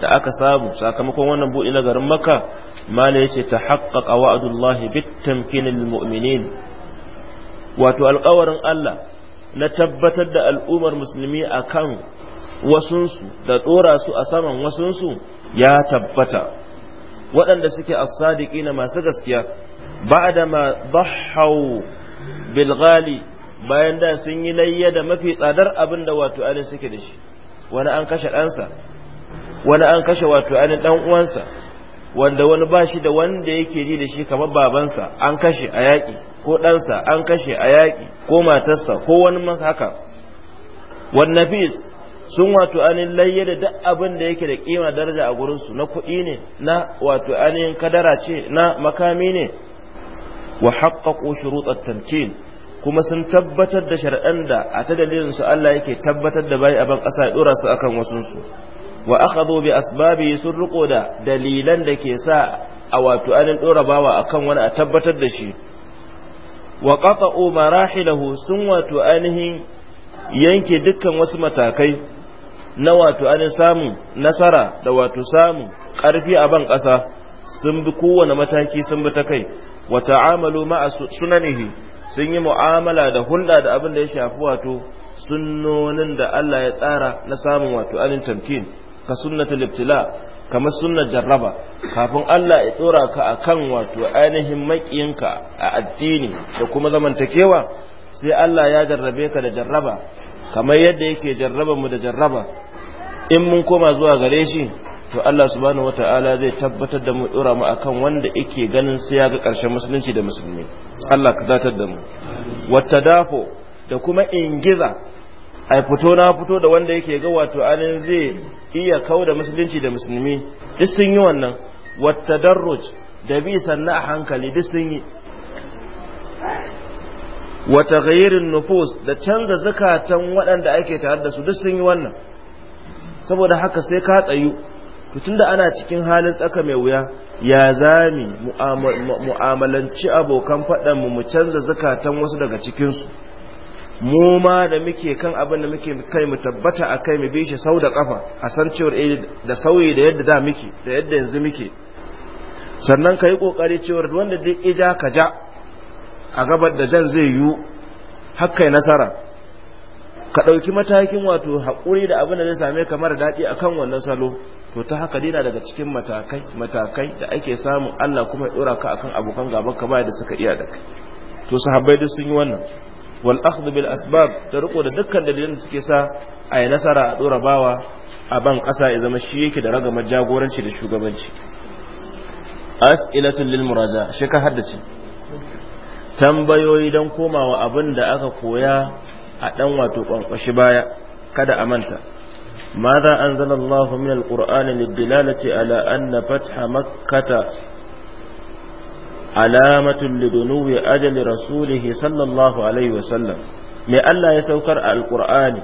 da aka samu sakamakon wannan buɗi na garin maka mala ya ce ta haƙaƙa wa'adullahi bittamkinin mu'minin wato alƙawarin Allah na tabbatar da al'ummar musulmi a kan wasunsu da ɗora su a saman wasunsu ya tabbata waɗanda suke asadiki na masu gaskiya ba da ma bahau bilgali bayan da sun yi layya da mafi tsadar abin da wato alin suke da shi wani an kashe ɗansa wani an kashe wato ainihin dan uwansa wanda wani ba shi da wanda yake ji da shi kamar babansa an kashe a yaƙi ko ɗansa an kashe a yaƙi ko matarsa ko wani haka wannan fis sun wato anin layye da duk abin da yake da kima daraja a gurinsu na kuɗi ne na wato anin kadara ce na makami ne wa haqqaqu shurutat tamkin kuma sun tabbatar da shar'an da a ta dalilin su Allah yake tabbatar da bai aban ƙasa ya dora su akan wasunsu wa akhadhu bi asbabi sun riko da dalilan da ke sa a wato anin dora bawa akan wani a tabbatar da shi wa qata'u marahilahu sun wato ainihin yanke dukkan wasu matakai na wato ainihin samun nasara da wato samun ƙarfi a ban ƙasa sun bi kowane mataki sun bi ta kai wa ta'amalu ma'a sunanihi sun yi mu'amala da hulɗa da abin da ya shafi wato sunnonin da Allah ya tsara na samun wato anin tamkin ka sunnata ibtila kamar sunnar jarraba kafin Allah ya tsora ka akan wato ainihin makiyinka a addini da kuma zamantakewa sai Allah ya jarrabe ka da jarraba kamar yadda yake jarraba mu da jarraba in mun koma zuwa gare shi to Allah subhanahu wata'ala zai tabbatar da mu tsora mu akan wanda yake ganin sai ya ga ƙarshen musulunci da musulmi Allah ka zatar da mu wattadafo da kuma ingiza ai fito na fito da wanda yake ga wato anin zai iya kau da musulunci da musulmi duk sun yi wannan wata darroj da bi sannan a hankali duk sun yi wata gairin nufus da canza zukatan waɗanda ake tare da su duk sun yi wannan saboda haka sai ka tsayu tun da ana cikin halin tsaka mai wuya ya zami mu'amalanci abokan faɗanmu mu canza zukatan wasu daga cikinsu mu ma da muke kan abin da muke kai mu tabbata a kai mu bi shi sau da kafa a san cewar eh da sauyi da yadda da muke da yadda yanzu muke sannan ka kokari cewar wanda duk ija ka ja a gabar da jan zai yiwu har kai nasara ka ɗauki matakin wato haƙuri da abin da zai same ka mara daɗi a kan wannan salo to ta haka dina daga cikin matakai matakai da ake samun allah kuma ya ɗora ka akan abokan gaban ka ba da suka iya da kai to sahabbai duk sun yi wannan wal akhdh bil asbab da riko da dukkan dalilan da suke sa a yi nasara a dora bawa a ban ƙasa ya zama shi yake da ragamar jagoranci da shugabanci as'ilatul lil muraja shi ka haddace tambayoyi don komawa abin da aka koya a dan wato kwankwashi baya kada a manta ماذا أنزل الله من القرآن للدلالة على أن فتح مكة alamatun lidunuwi ajali rasulihi sallallahu alaihi wasallam me Allah ya saukar a alqur'ani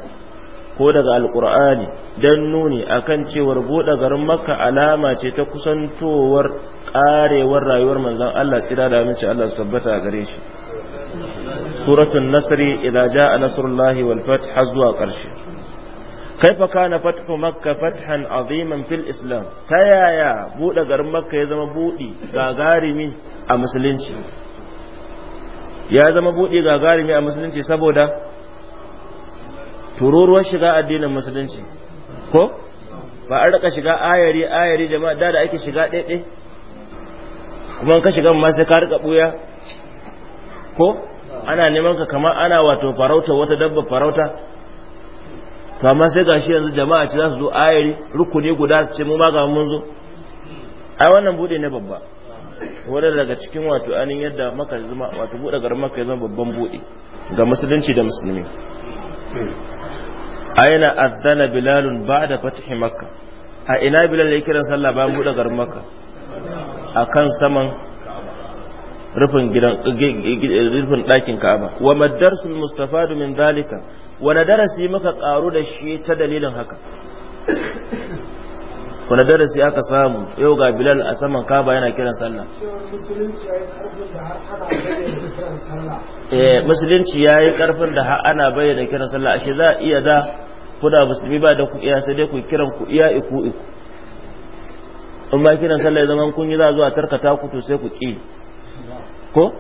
ko daga alqur'ani dan nuni akan cewar bude garin makka alama ce ta kusantowar ƙarewar rayuwar manzon Allah tsira da aminci Allah su tabbata gare shi Suratun nasri idza ja nasrullahi wal fath har zuwa ƙarshe kaifa kana fathu makka fathan aziman fil islam ta yaya bude garin makka ya zama budi gagarimi a musulunci ya zama budi gagarimi a musulunci saboda tururuwar shiga addinin musulunci ko ba an rika shiga ayari ayari jama'a da da ake shiga ɗaiɗe kuma ka shiga ma sai ka rika buya ko ana neman ka kamar ana wato farauta wata dabba farauta to amma sai gashi yanzu jama'a ce za su zo ayari rukuni guda su ce mu ma ga mun zo ai wannan bude ne babba wadda daga cikin wato anin yadda maka zama wato bude garin maka zama babban bude ga musulunci da musulmi aina azana bilalun ba'da fatih makka a ina bilal ya kiran sallah bayan bude garin makka akan saman rufin gidan rufin dakin ka'aba wa madarsul mustafadu min dalika wani darasi muka karu da shi ta dalilin haka wani darasi aka samu yau ga bilal a saman kaba yana kiran sallah eh, musulunci ya yi karfin da ana bayyana kiran sallah ashe za a iya da musulmi ba da ku iya sai dai ku kiran ku iya iku iku in kiran sallah ya kun yi za zuwa tarkata ku to sai ku ki ko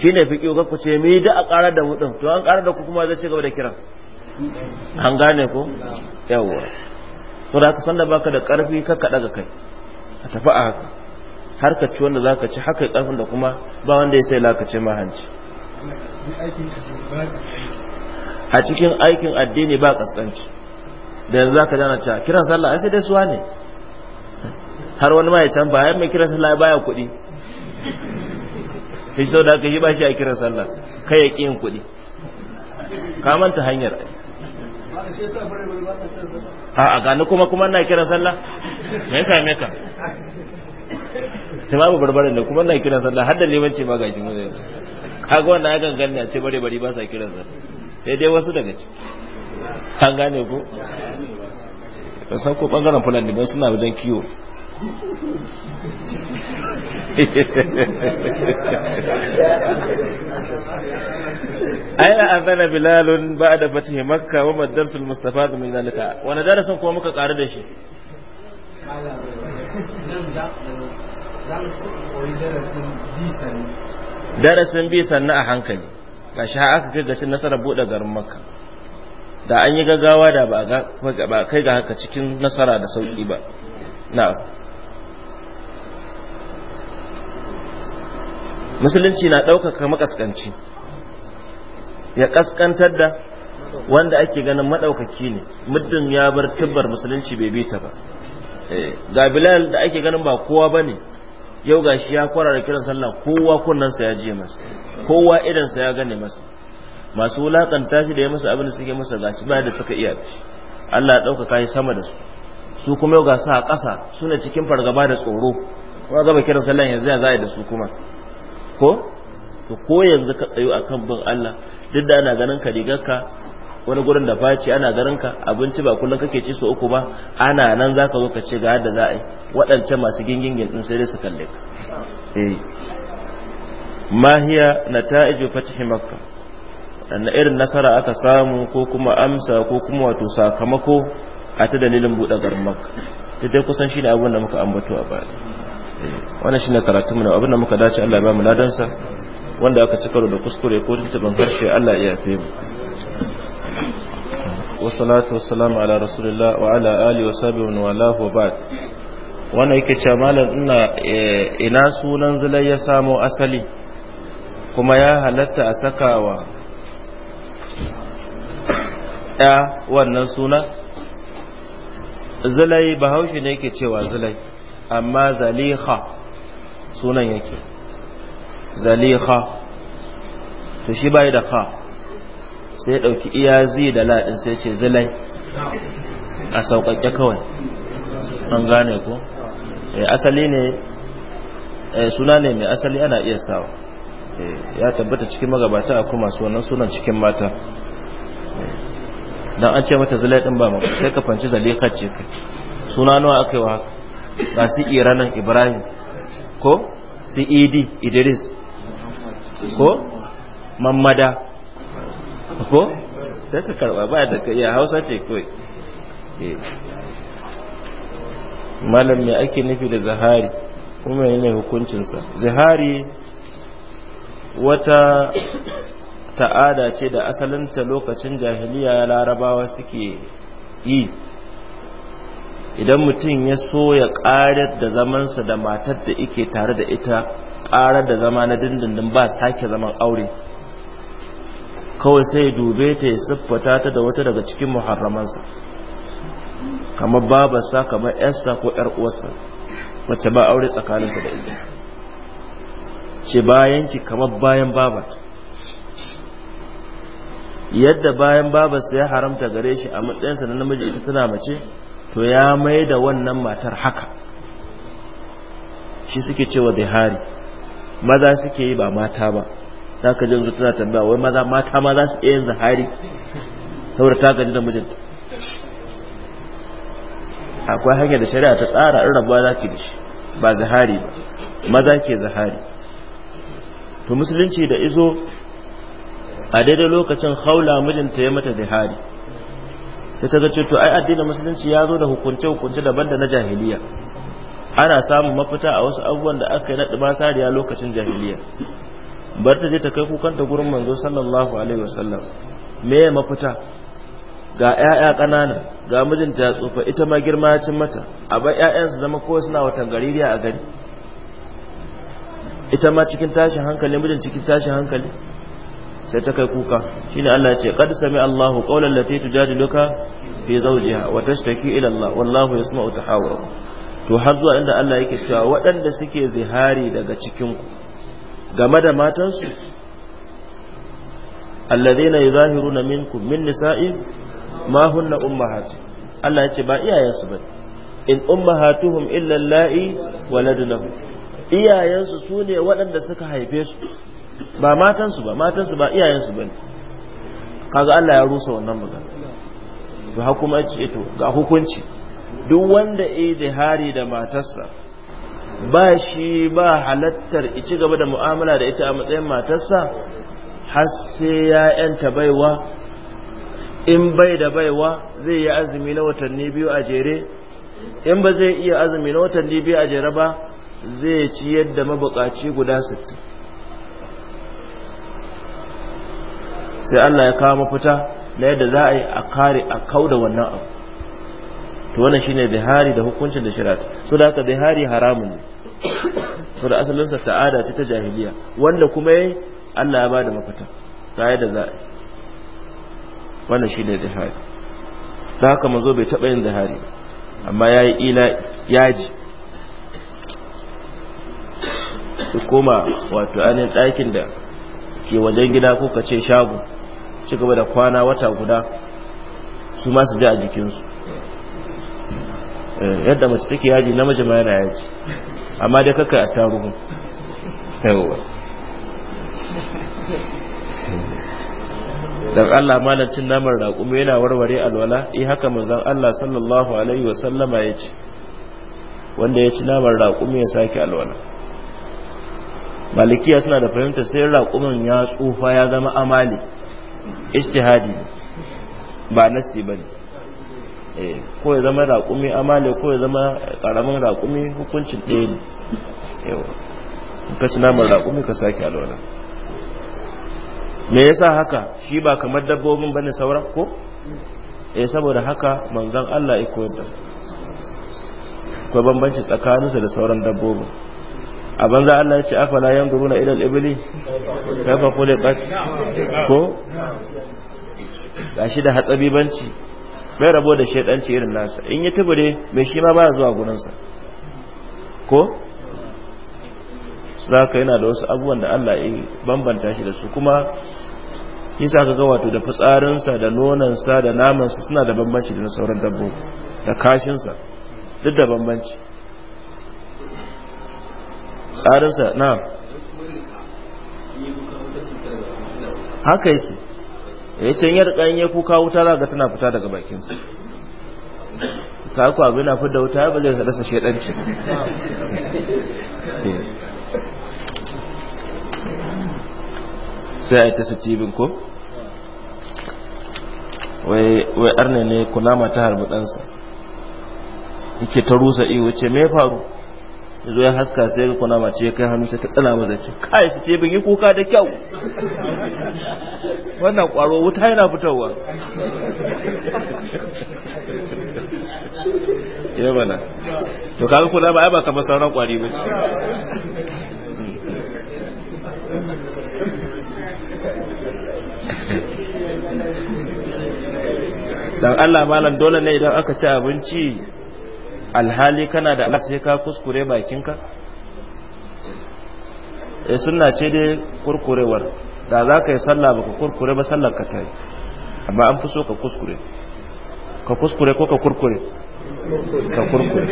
shine fiqhu ka ku ce me da a ƙara da mu to an ƙara da ku kuma zai ci gaba da kiran an gane ko yawwa to da ka san da baka da ƙarfi ka ka ga kai a tafi a haka har ka ci wanda zaka ci haka ƙarfin da kuma ba wanda ya sai lakace ma hanci a cikin aikin addini ba kaskanci da yanzu zaka dana ta kiran sallah ai sai dai suwa ne har wani ma ya can ba mai kiran sallah baya kuɗi shi sau da aka yi ba shi a kiran sallah kai ya ƙiyin kuɗi ka manta hanyar a a gani kuma kuma na kiran sallah mai yasa mai ka babu barbarin da kuma na kiran sallah har da ce ma gashi mu zai kaga wannan akan ganni a ce bare bari ba sa kiran sallah sai dai wasu daga ci an gane ko san ko bangaren fulani don suna wajen kiwo aina zana bilalun ba da fatihi makka wa madarsul mustafa min zalika wani darasin kuma muka karu da shi darasin bi sannan a hankali ga shi aka kai gacin nasarar buɗe garin makka da an yi gagawa da ba kai ga haka cikin nasara da sauƙi ba na'am musulunci na ɗaukaka makaskanci ya kaskantar da wanda ake ganin maɗaukaki ne muddin ya bar tubbar musulunci bai bi ta ba eh, ga bilal da ake ganin ba kowa ba ne yau ga shi ya kwara da kiran sallah kowa kunnensa ya je masa kowa idansa ya gane masa masu wulakanta shi da ya masa abin da suke masa gashi ba da suka iya shi Allah ya ɗaukaka shi sama da su su kuma yau ga sa a ƙasa suna cikin fargaba da tsoro kuma ga kiran sallah yanzu ya za da su kuma ko to ko yanzu ka tsayo akan bin Allah duk da ana ganin ka rigarka wani gurin da baci ana ganin ka abinci ba kullun kake ci so uku ba ana nan zaka zo ka ce ga yadda za a yi waɗancan masu gingingin din sai dai su kalle ka eh ma hiya nata'iju fathi makka dan irin nasara aka samu ko kuma amsa ko kuma wato sakamako a ta dalilin buɗe garin makka dai kusan shine abin da muka ambato a baya wannan ne karatun mu na abin da muka dace Allah ya ba mu ladansa wanda aka ci karo da kuskure ko ban harshe Allah ya yafe mu wa salamu ala rasulillah wa ala ali wa sabi wa lahu wa ba'd wanda yake cewa malam ina eh, ina sunan zulai ya samo asali kuma ya halatta a sakawa ya wannan suna zulai bahaushe ne yake cewa zulai amma zaliha sunan yake zaliha to shi bai da kha sai dauki iya iyazi da ladin sai ce zilai a sauƙaƙe kawai an gane ko eh, asali ne eh, suna ne mai asali ana iya sawa eh, ya tabbata cikin magabata a kuma sunan sunan cikin mata dan an ce mata zilai din ba sai ka fanci zaliha ce suna nawa aka yi wa haka ba su iranan ibrahim ko su idi idris ko mamada ko ta ka karba ba da ka iya hausa ce kawai eh. malam mai ake nufi da zahari kuma yana hukuncinsa zahari wata ta'ada ce da asalinta lokacin jahiliya larabawa suke yi idan mutum ya so ya ƙarar da zamansa da matar da ike tare da ita ƙarar da zama na dindindin ba sake zaman aure kawai sai dube ta ya siffata ta da wata daga cikin muharramansa kamar babarsa kamar yarsa ko yar uwarsa wacce ba aure tsakaninsa da ita ce bayan ki kamar bayan babar yadda bayan babarsa ya haramta gare shi a matsayinsa na namiji ita tana mace to ya mai da wannan matar haka shi suke cewa hari maza suke yi ba mata ba za ka jin tana tambaya wai maza mata maza su iya yin zahari saboda ta gaji da mijinta akwai hanyar da shari'a ta tsara in rabuwa za ki dashi ba zahari ba maza ke zahari to musulunci da izo a daidai lokacin haula mijinta ya mata zahari. sai ta ga ce to ai addinin musulunci ya zo da hukunce hukunce daban da na jahiliya ana samun mafita a wasu abubuwan da aka yi na sariya lokacin jahiliya bar ta je ta kai kukanta gurin manzo sallallahu alaihi wasallam me ya mafita ga 'ya'ya ƙanana ga mijinta ya tsufa ita ma girma ya cin mata a bar ƴaƴan su zama kowa suna watan gaririya a gari ita ma cikin tashin hankali mijin cikin tashin hankali sai ta kai kuka shine Allah ce qad sami Allahu qawlan lati tujadiluka fi zawjiha wa tashtaki ila Allah wallahu yasma'u tahawurakum to har zuwa inda Allah yake cewa waɗanda suke zihari daga cikinku game da matansu alladhina yuzahiruna minkum min nisa'i ma hunna ummahati Allah ya ce ba iyayensu bane in ummahatuhum illa allai waladunahum iyayensu ne waɗanda suka haife su ba matansu ba matansu ba iyayensu bane kaga Allah ya rusa wannan magana to ha kuma eh to ga hukunci duk wanda yi zihari da matarsa ba shi ba halattar ci gaba da mu'amala da ita a matsayin matarsa har sai ya yanta baiwa in bai da baiwa zai yi azumi na watanni biyu a jere in ba zai iya azumi na watanni biyu a jere ba zai ci yadda mabukaci guda sittin sai Allah ya kawo mafita na yadda za a yi a kare a da wannan abu to wannan shine bihari da hukuncin da shari'a so da haka bihari haramun ne so da asalin sa ta'ada ce ta jahiliya wanda kuma yayi Allah ya bada mafita ta yadda za a wannan shine bihari da haka mazo bai taba yin bihari amma yayi ila yaji koma wato anin ɗakin da ke wajen gida ko ka ce shago ci gaba da kwana wata guda su ma su ji a jikinsu eh, yadda mace take yaji namiji ma yana yaji amma dai kakai a taruhun dan Allah malancin naman raƙumi yana warware alwala yi eh, haka manzon Allah sallallahu alaihi wasallama ya ce wanda ya ci naman raƙumi ya sake alwala malikiya suna da fahimta sai raƙumin ya tsufa ya zama amali Istihadi ba nassi ba ne eh, ko ya zama raƙumi amale ko ya zama ƙaramin raƙumi hukuncin ɗaya ne yawa ka ci raƙumi ka sake alwala me yasa haka shi ba kamar dabbobin ba ne sauran ko e saboda haka manzan Allah ya koyar da ko bambanci tsakaninsa da sauran dabbobin a za Allah ya ce afala yanzuruna ila al-ibli kule bat. ko gashi da hatsabibanci bai rabo da shaidanci irin nasa in ya tubure mai shi ma ba zuwa gurinsa ko za ka yana da wasu abubuwan da Allah ya bambanta shi da su kuma yasa ka ga wato da fitsarinsa da nonansa da namansa suna da bambanci da na sauran dabbobi da kashinsa duk da bambanci tsarinsa na haka yake ya ce yar ƙan ya kuka wuta za ga tana fita daga bakinsa ta ku abu fi da wuta ba zai rasa shaidanci sai a yi ta sitibin ko wai arna ne kunama ta harbi ɗansa yake ta rusa iya wuce mai faru zo ya haska sai ga kuna mace ya kai hannu sai ta tsana maza ce kai su ce bin yi kuka da kyau wannan kwaro wuta yana fitowa ya bana to kaga kuna ba ai ba kamar sauran kwari ba dan Allah malam dole ne idan aka ci abinci alhali kana da Allah sai ka kuskure bakinka eh sunna ce dai kurkurewar da za ka yi sallah baka kurkure ba sallar ka ta yi amma an fi so ka kuskure ka kuskure ko ka kurkure ka kurkure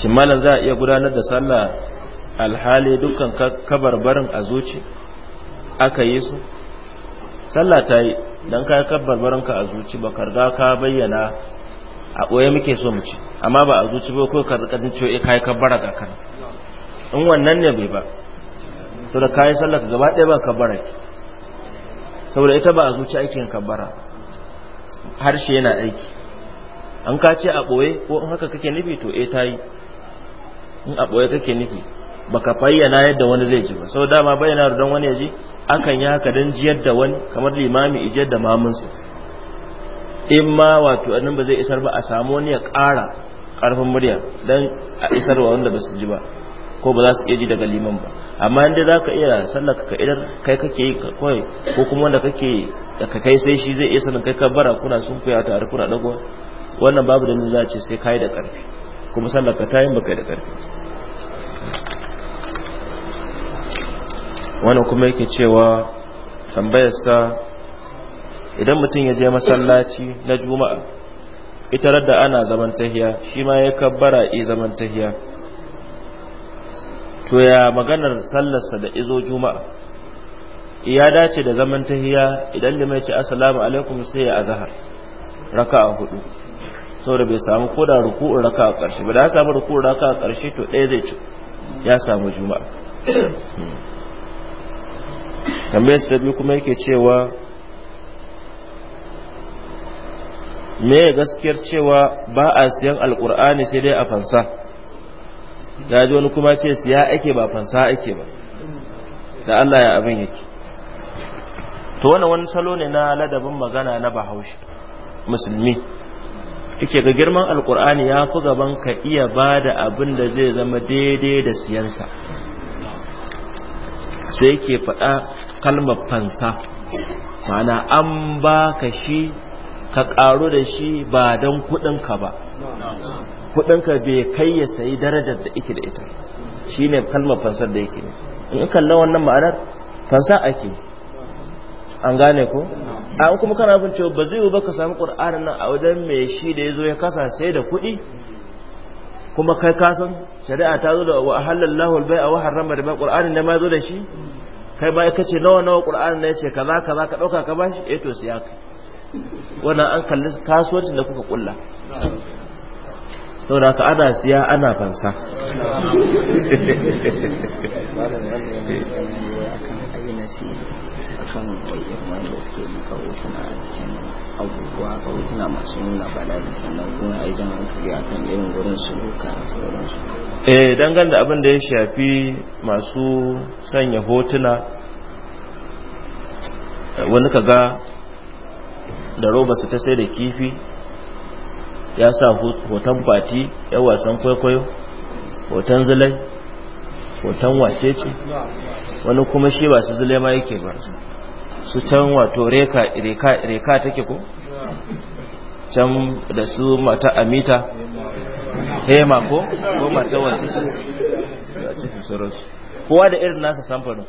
shi malam za a iya gudanar da sallah alhali dukkan kabarbarin a zuci aka yi su sallah ta yi dan ka kabbar baranka a zuci ba karga ka bayyana a ɓoye muke so mu ci amma ba a zuci ba ko ka rikadin ciwo eh, kai kabbara ga kan in wannan ne bai ba to da yi sallaka gaba ɗaya ba kabbara ki saboda ita ba a zuci aikin kabbara harshe yana aiki an ka ce a ɓoye ko in haka kake nufi to eh yi in a ɓoye kake nufi baka bayyana yadda wani zai ji ba sau dama bayyana don wani ya ji akan yi haka don jiyar da wani kamar limami ijiyar da mamunsa in ma wato annan ba zai isar ba a samu wani ya kara karfin murya don a isar wa wanda ba su ji ba ko ba za su iya ji daga liman ba amma inda za ka iya sallar ka idan kai kake yi kawai ko kuma wanda kake da ka kai sai shi zai iya sanin kai ka bara kuna sun kuya tare kuna dago wannan babu da za ce sai kai da ƙarfi kuma sallar ka tayin ba kai da ƙarfi wani kuma yake cewa tambayarsa idan mutum ya je masallaci na juma'a ita da ana zaman tahiya shi ma ya kabbara i zaman tahiya to ya maganar sallarsa da izo juma'a ya dace da zaman tahiya idan da mai ce asalamu alaikum sai ya raka a hudu saboda bai samu ko koda ruku'un a karshe ba da ya samu ruku'un a karshe to ɗaya zai ci ya samu juma'a tambayar su ta biyu kuma yake cewa me gaskiyar cewa ba a siyan alkur'ani sai dai a fansa ya ji wani kuma ce siya ake ba fansa ake ba da Allah ya abin yake to wani wani salo ne na ladabin magana na bahaushe musulmi yake ga girman alkur'ani ya fi gaban ka iya ba da abin da zai zama daidai da siyansa sai ke faɗa kalmar fansa ma'ana an ba ka shi ka karu da shi ba don kuɗinka ba kuɗinka bai kai ya sayi darajar da ike da ita shi ne kalmar fansar da yake in kalla wannan ma'anar fansa ake an gane ko an kuma kana bin cewa ba zai yi ba ka sami ƙur'anin nan a wajen mai shi da ya zo ya kasa sai da kuɗi kuma kai kasan shari'a ta zo da wa halallahu a wa harrama ba kur'an ne ma zo da shi kai ma ka ce nawa nawa qur'ani ne ce kaza kaza ka dauka ka bashi eh to siya kai wannan an kalli kasuwancin da kuka kulla saboda ka ana siya ana fansa abubuwa ka hotuna masu nuna bala'i sannan kuma a yi jan hankali a kan irin wurin su duka da sauransu eh Dangane da abin da ya shafi masu sanya hotuna wani ka ga da roba su ta sai da kifi ya sa hoton fati yan wasan kwaikwayo hoton zilai hoton wacece wani kuma shi ba su zulai ma yake ba su can wato reka reka reka take ko can da su mata amita hema ko ko mata wasu su a cikin sauransu kowa da irin nasa samfano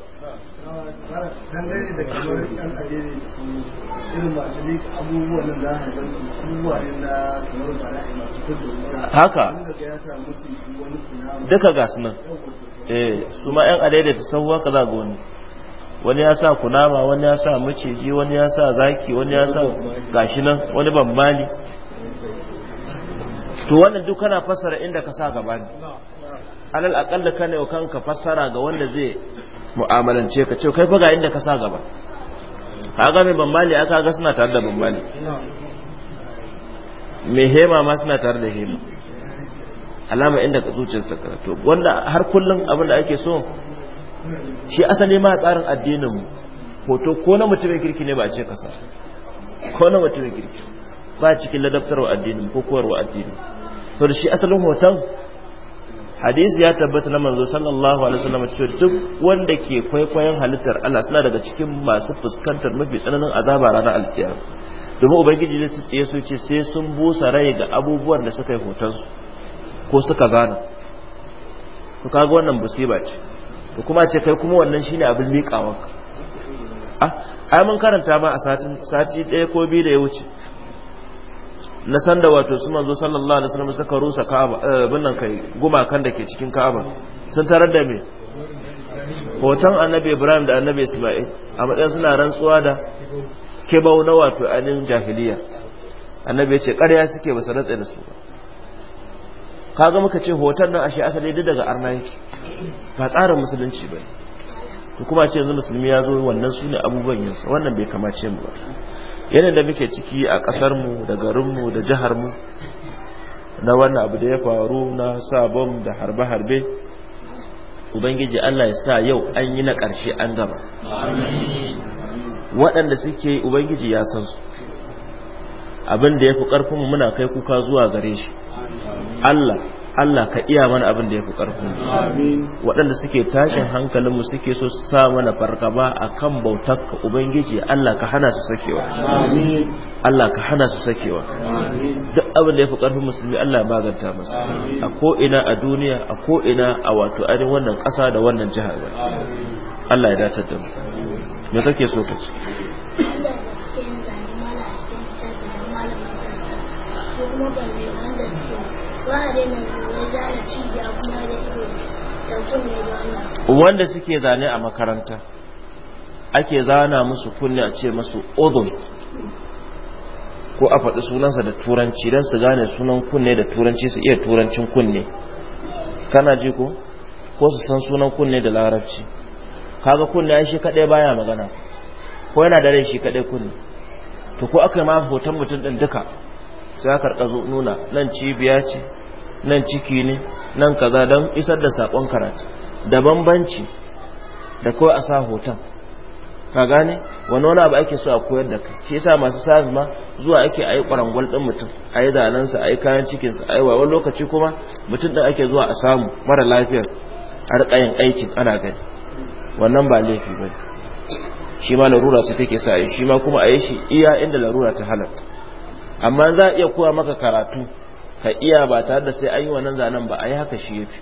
su nan haka duka gasu nan eh su ma yan adaidaita sauwa ka za ga wani wani ya sa kunama wani ya sa maciji wani ya sa zaki wani ya sa gashi nan wani bambani to wannan duk kana fassara inda ka sa gaba ne alal aqalla kana yau kanka fassara ga wanda zai mu'amalance ka ce kai fa ga inda ka sa gaba ga mai bambani aka ga suna tare da bambani mai hema ma suna tare da hema alama inda ka zuciyarsa to wanda har kullum abin da ake so shi asali ma tsarin addinin mu hoto ko na mutumin kirki ne ba a ce kasa ko na mutumin kirki ba cikin ladabtarwa addinin ko kowarwa addinin to shi asalin hoton hadisi ya tabbata na manzo sallallahu alaihi wasallam cewa duk wanda ke kwaikwayon halittar Allah suna daga cikin masu fuskantar mafi tsananin azaba ranar alkiyama domin ubangiji ne su tsaye su ce sai sun busa rai ga abubuwan da suka yi hoton su ko suka gana to kaga wannan musiba ce to kuma ce kai kuma wannan shine abin a ah, ai mun karanta ma a sati ɗaya ko biyu da ya wuce na sanda wato su manzo sallallahu alaihi wasallam suka rusa Ka'aba eh, binnan kai gumakan da ke cikin Ka'aba sun tarar da me hoton annabi Ibrahim da annabi Isma'il a matsayin suna rantsuwa da kebau na wato anin jahiliya annabi ya ce ƙarya suke ba su rantsa da su ba kaga muka ce hoton nan ashe asali duk daga arna yake ba tsarin musulunci ba to kuma ce yanzu musulmi ya zo wannan su ne abubuwan yansa wannan bai kamace mu ba yanayin da muke ciki a kasar mu da garin mu da jihar mu na wannan abu da ya faru na sabon da harbe harbe ubangiji Allah ya sa yau an yi na ƙarshe an gaba waɗanda suke ubangiji ya san su abin da ya fi mu muna kai kuka zuwa gare shi Allah Allah ka iya mana abin da ya fi ƙarfin waɗanda suke tashin hankalinmu suke so su sa mana fargaba a kan bautar ka Ubangiji Allah ka hana su sakewa Allah ka hana su sakewa duk abin da ya fi ƙarfin musulmi Allah ya maganta masu a ko'ina a duniya a ko'ina a wato ainihin wannan ƙasa da wannan jihar Allah ya dace da mu me kake so ka ci kuma ban wanda suke zane a makaranta ake zana musu kunne a ce musu odun ko a faɗi sunansa da turanci don su gane sunan kunne da turanci su iya turancin kunne kana ji ko ko su san sunan kunne da larabci kaga kunne ai shi kadai baya magana ko yana da rai shi kadai kunne to ko aka yi ma hoton mutum ɗin duka sai aka nuna nan cibiya ce nan ciki ne nan kaza don isar da saƙon karatu da bambanci da kawai a sa hoton ka gane wani wani abu ake so a koyar da kai shi yasa masu sa ma zuwa ake a yi ƙwarangwal ɗin mutum a yi zanen a yi kayan cikin sa yi wawan lokaci kuma mutum ɗin ake zuwa a samu mara lafiyar a rika aikin ana gani wannan ba laifi ba shi ma larura ce take sa shi ma kuma a yi shi iya inda larura ta halatta amma za a iya koya maka karatu ka iya ba tare da sai an yi wannan zanen ba a yi haka shi yafi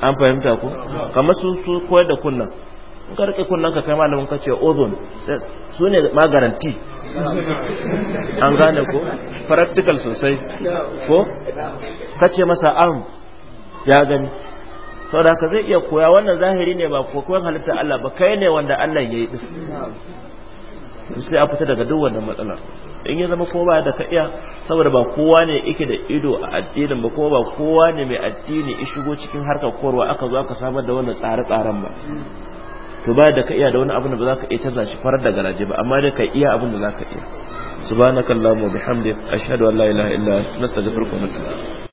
an fahimta ku kamar su su koyar da kunnan in ka rike kunnan ka kai malamin ka ce ozone su ne ma garanti an gane ko practical sosai ko ka ce masa arm ya gani saboda ka zai iya koya wannan zahiri ne ba ko halitta Allah ba kai ne wanda Allah ya yi sai a fita daga duk wannan matsalar in ya zama kowa da ka iya saboda ba kowa ne yake da ido a addinin ba kuma ba kowa ne mai addini ya shigo cikin harkar korwa aka zo aka samar da wannan tsare-tsaren ba to ba da ka iya da wani abin da ba za ka iya canza shi farar da garaje ba amma dai ka iya abin da za ka iya subhanakallahumma bihamdika ashhadu an la ilaha illa anta astaghfiruka wa atubu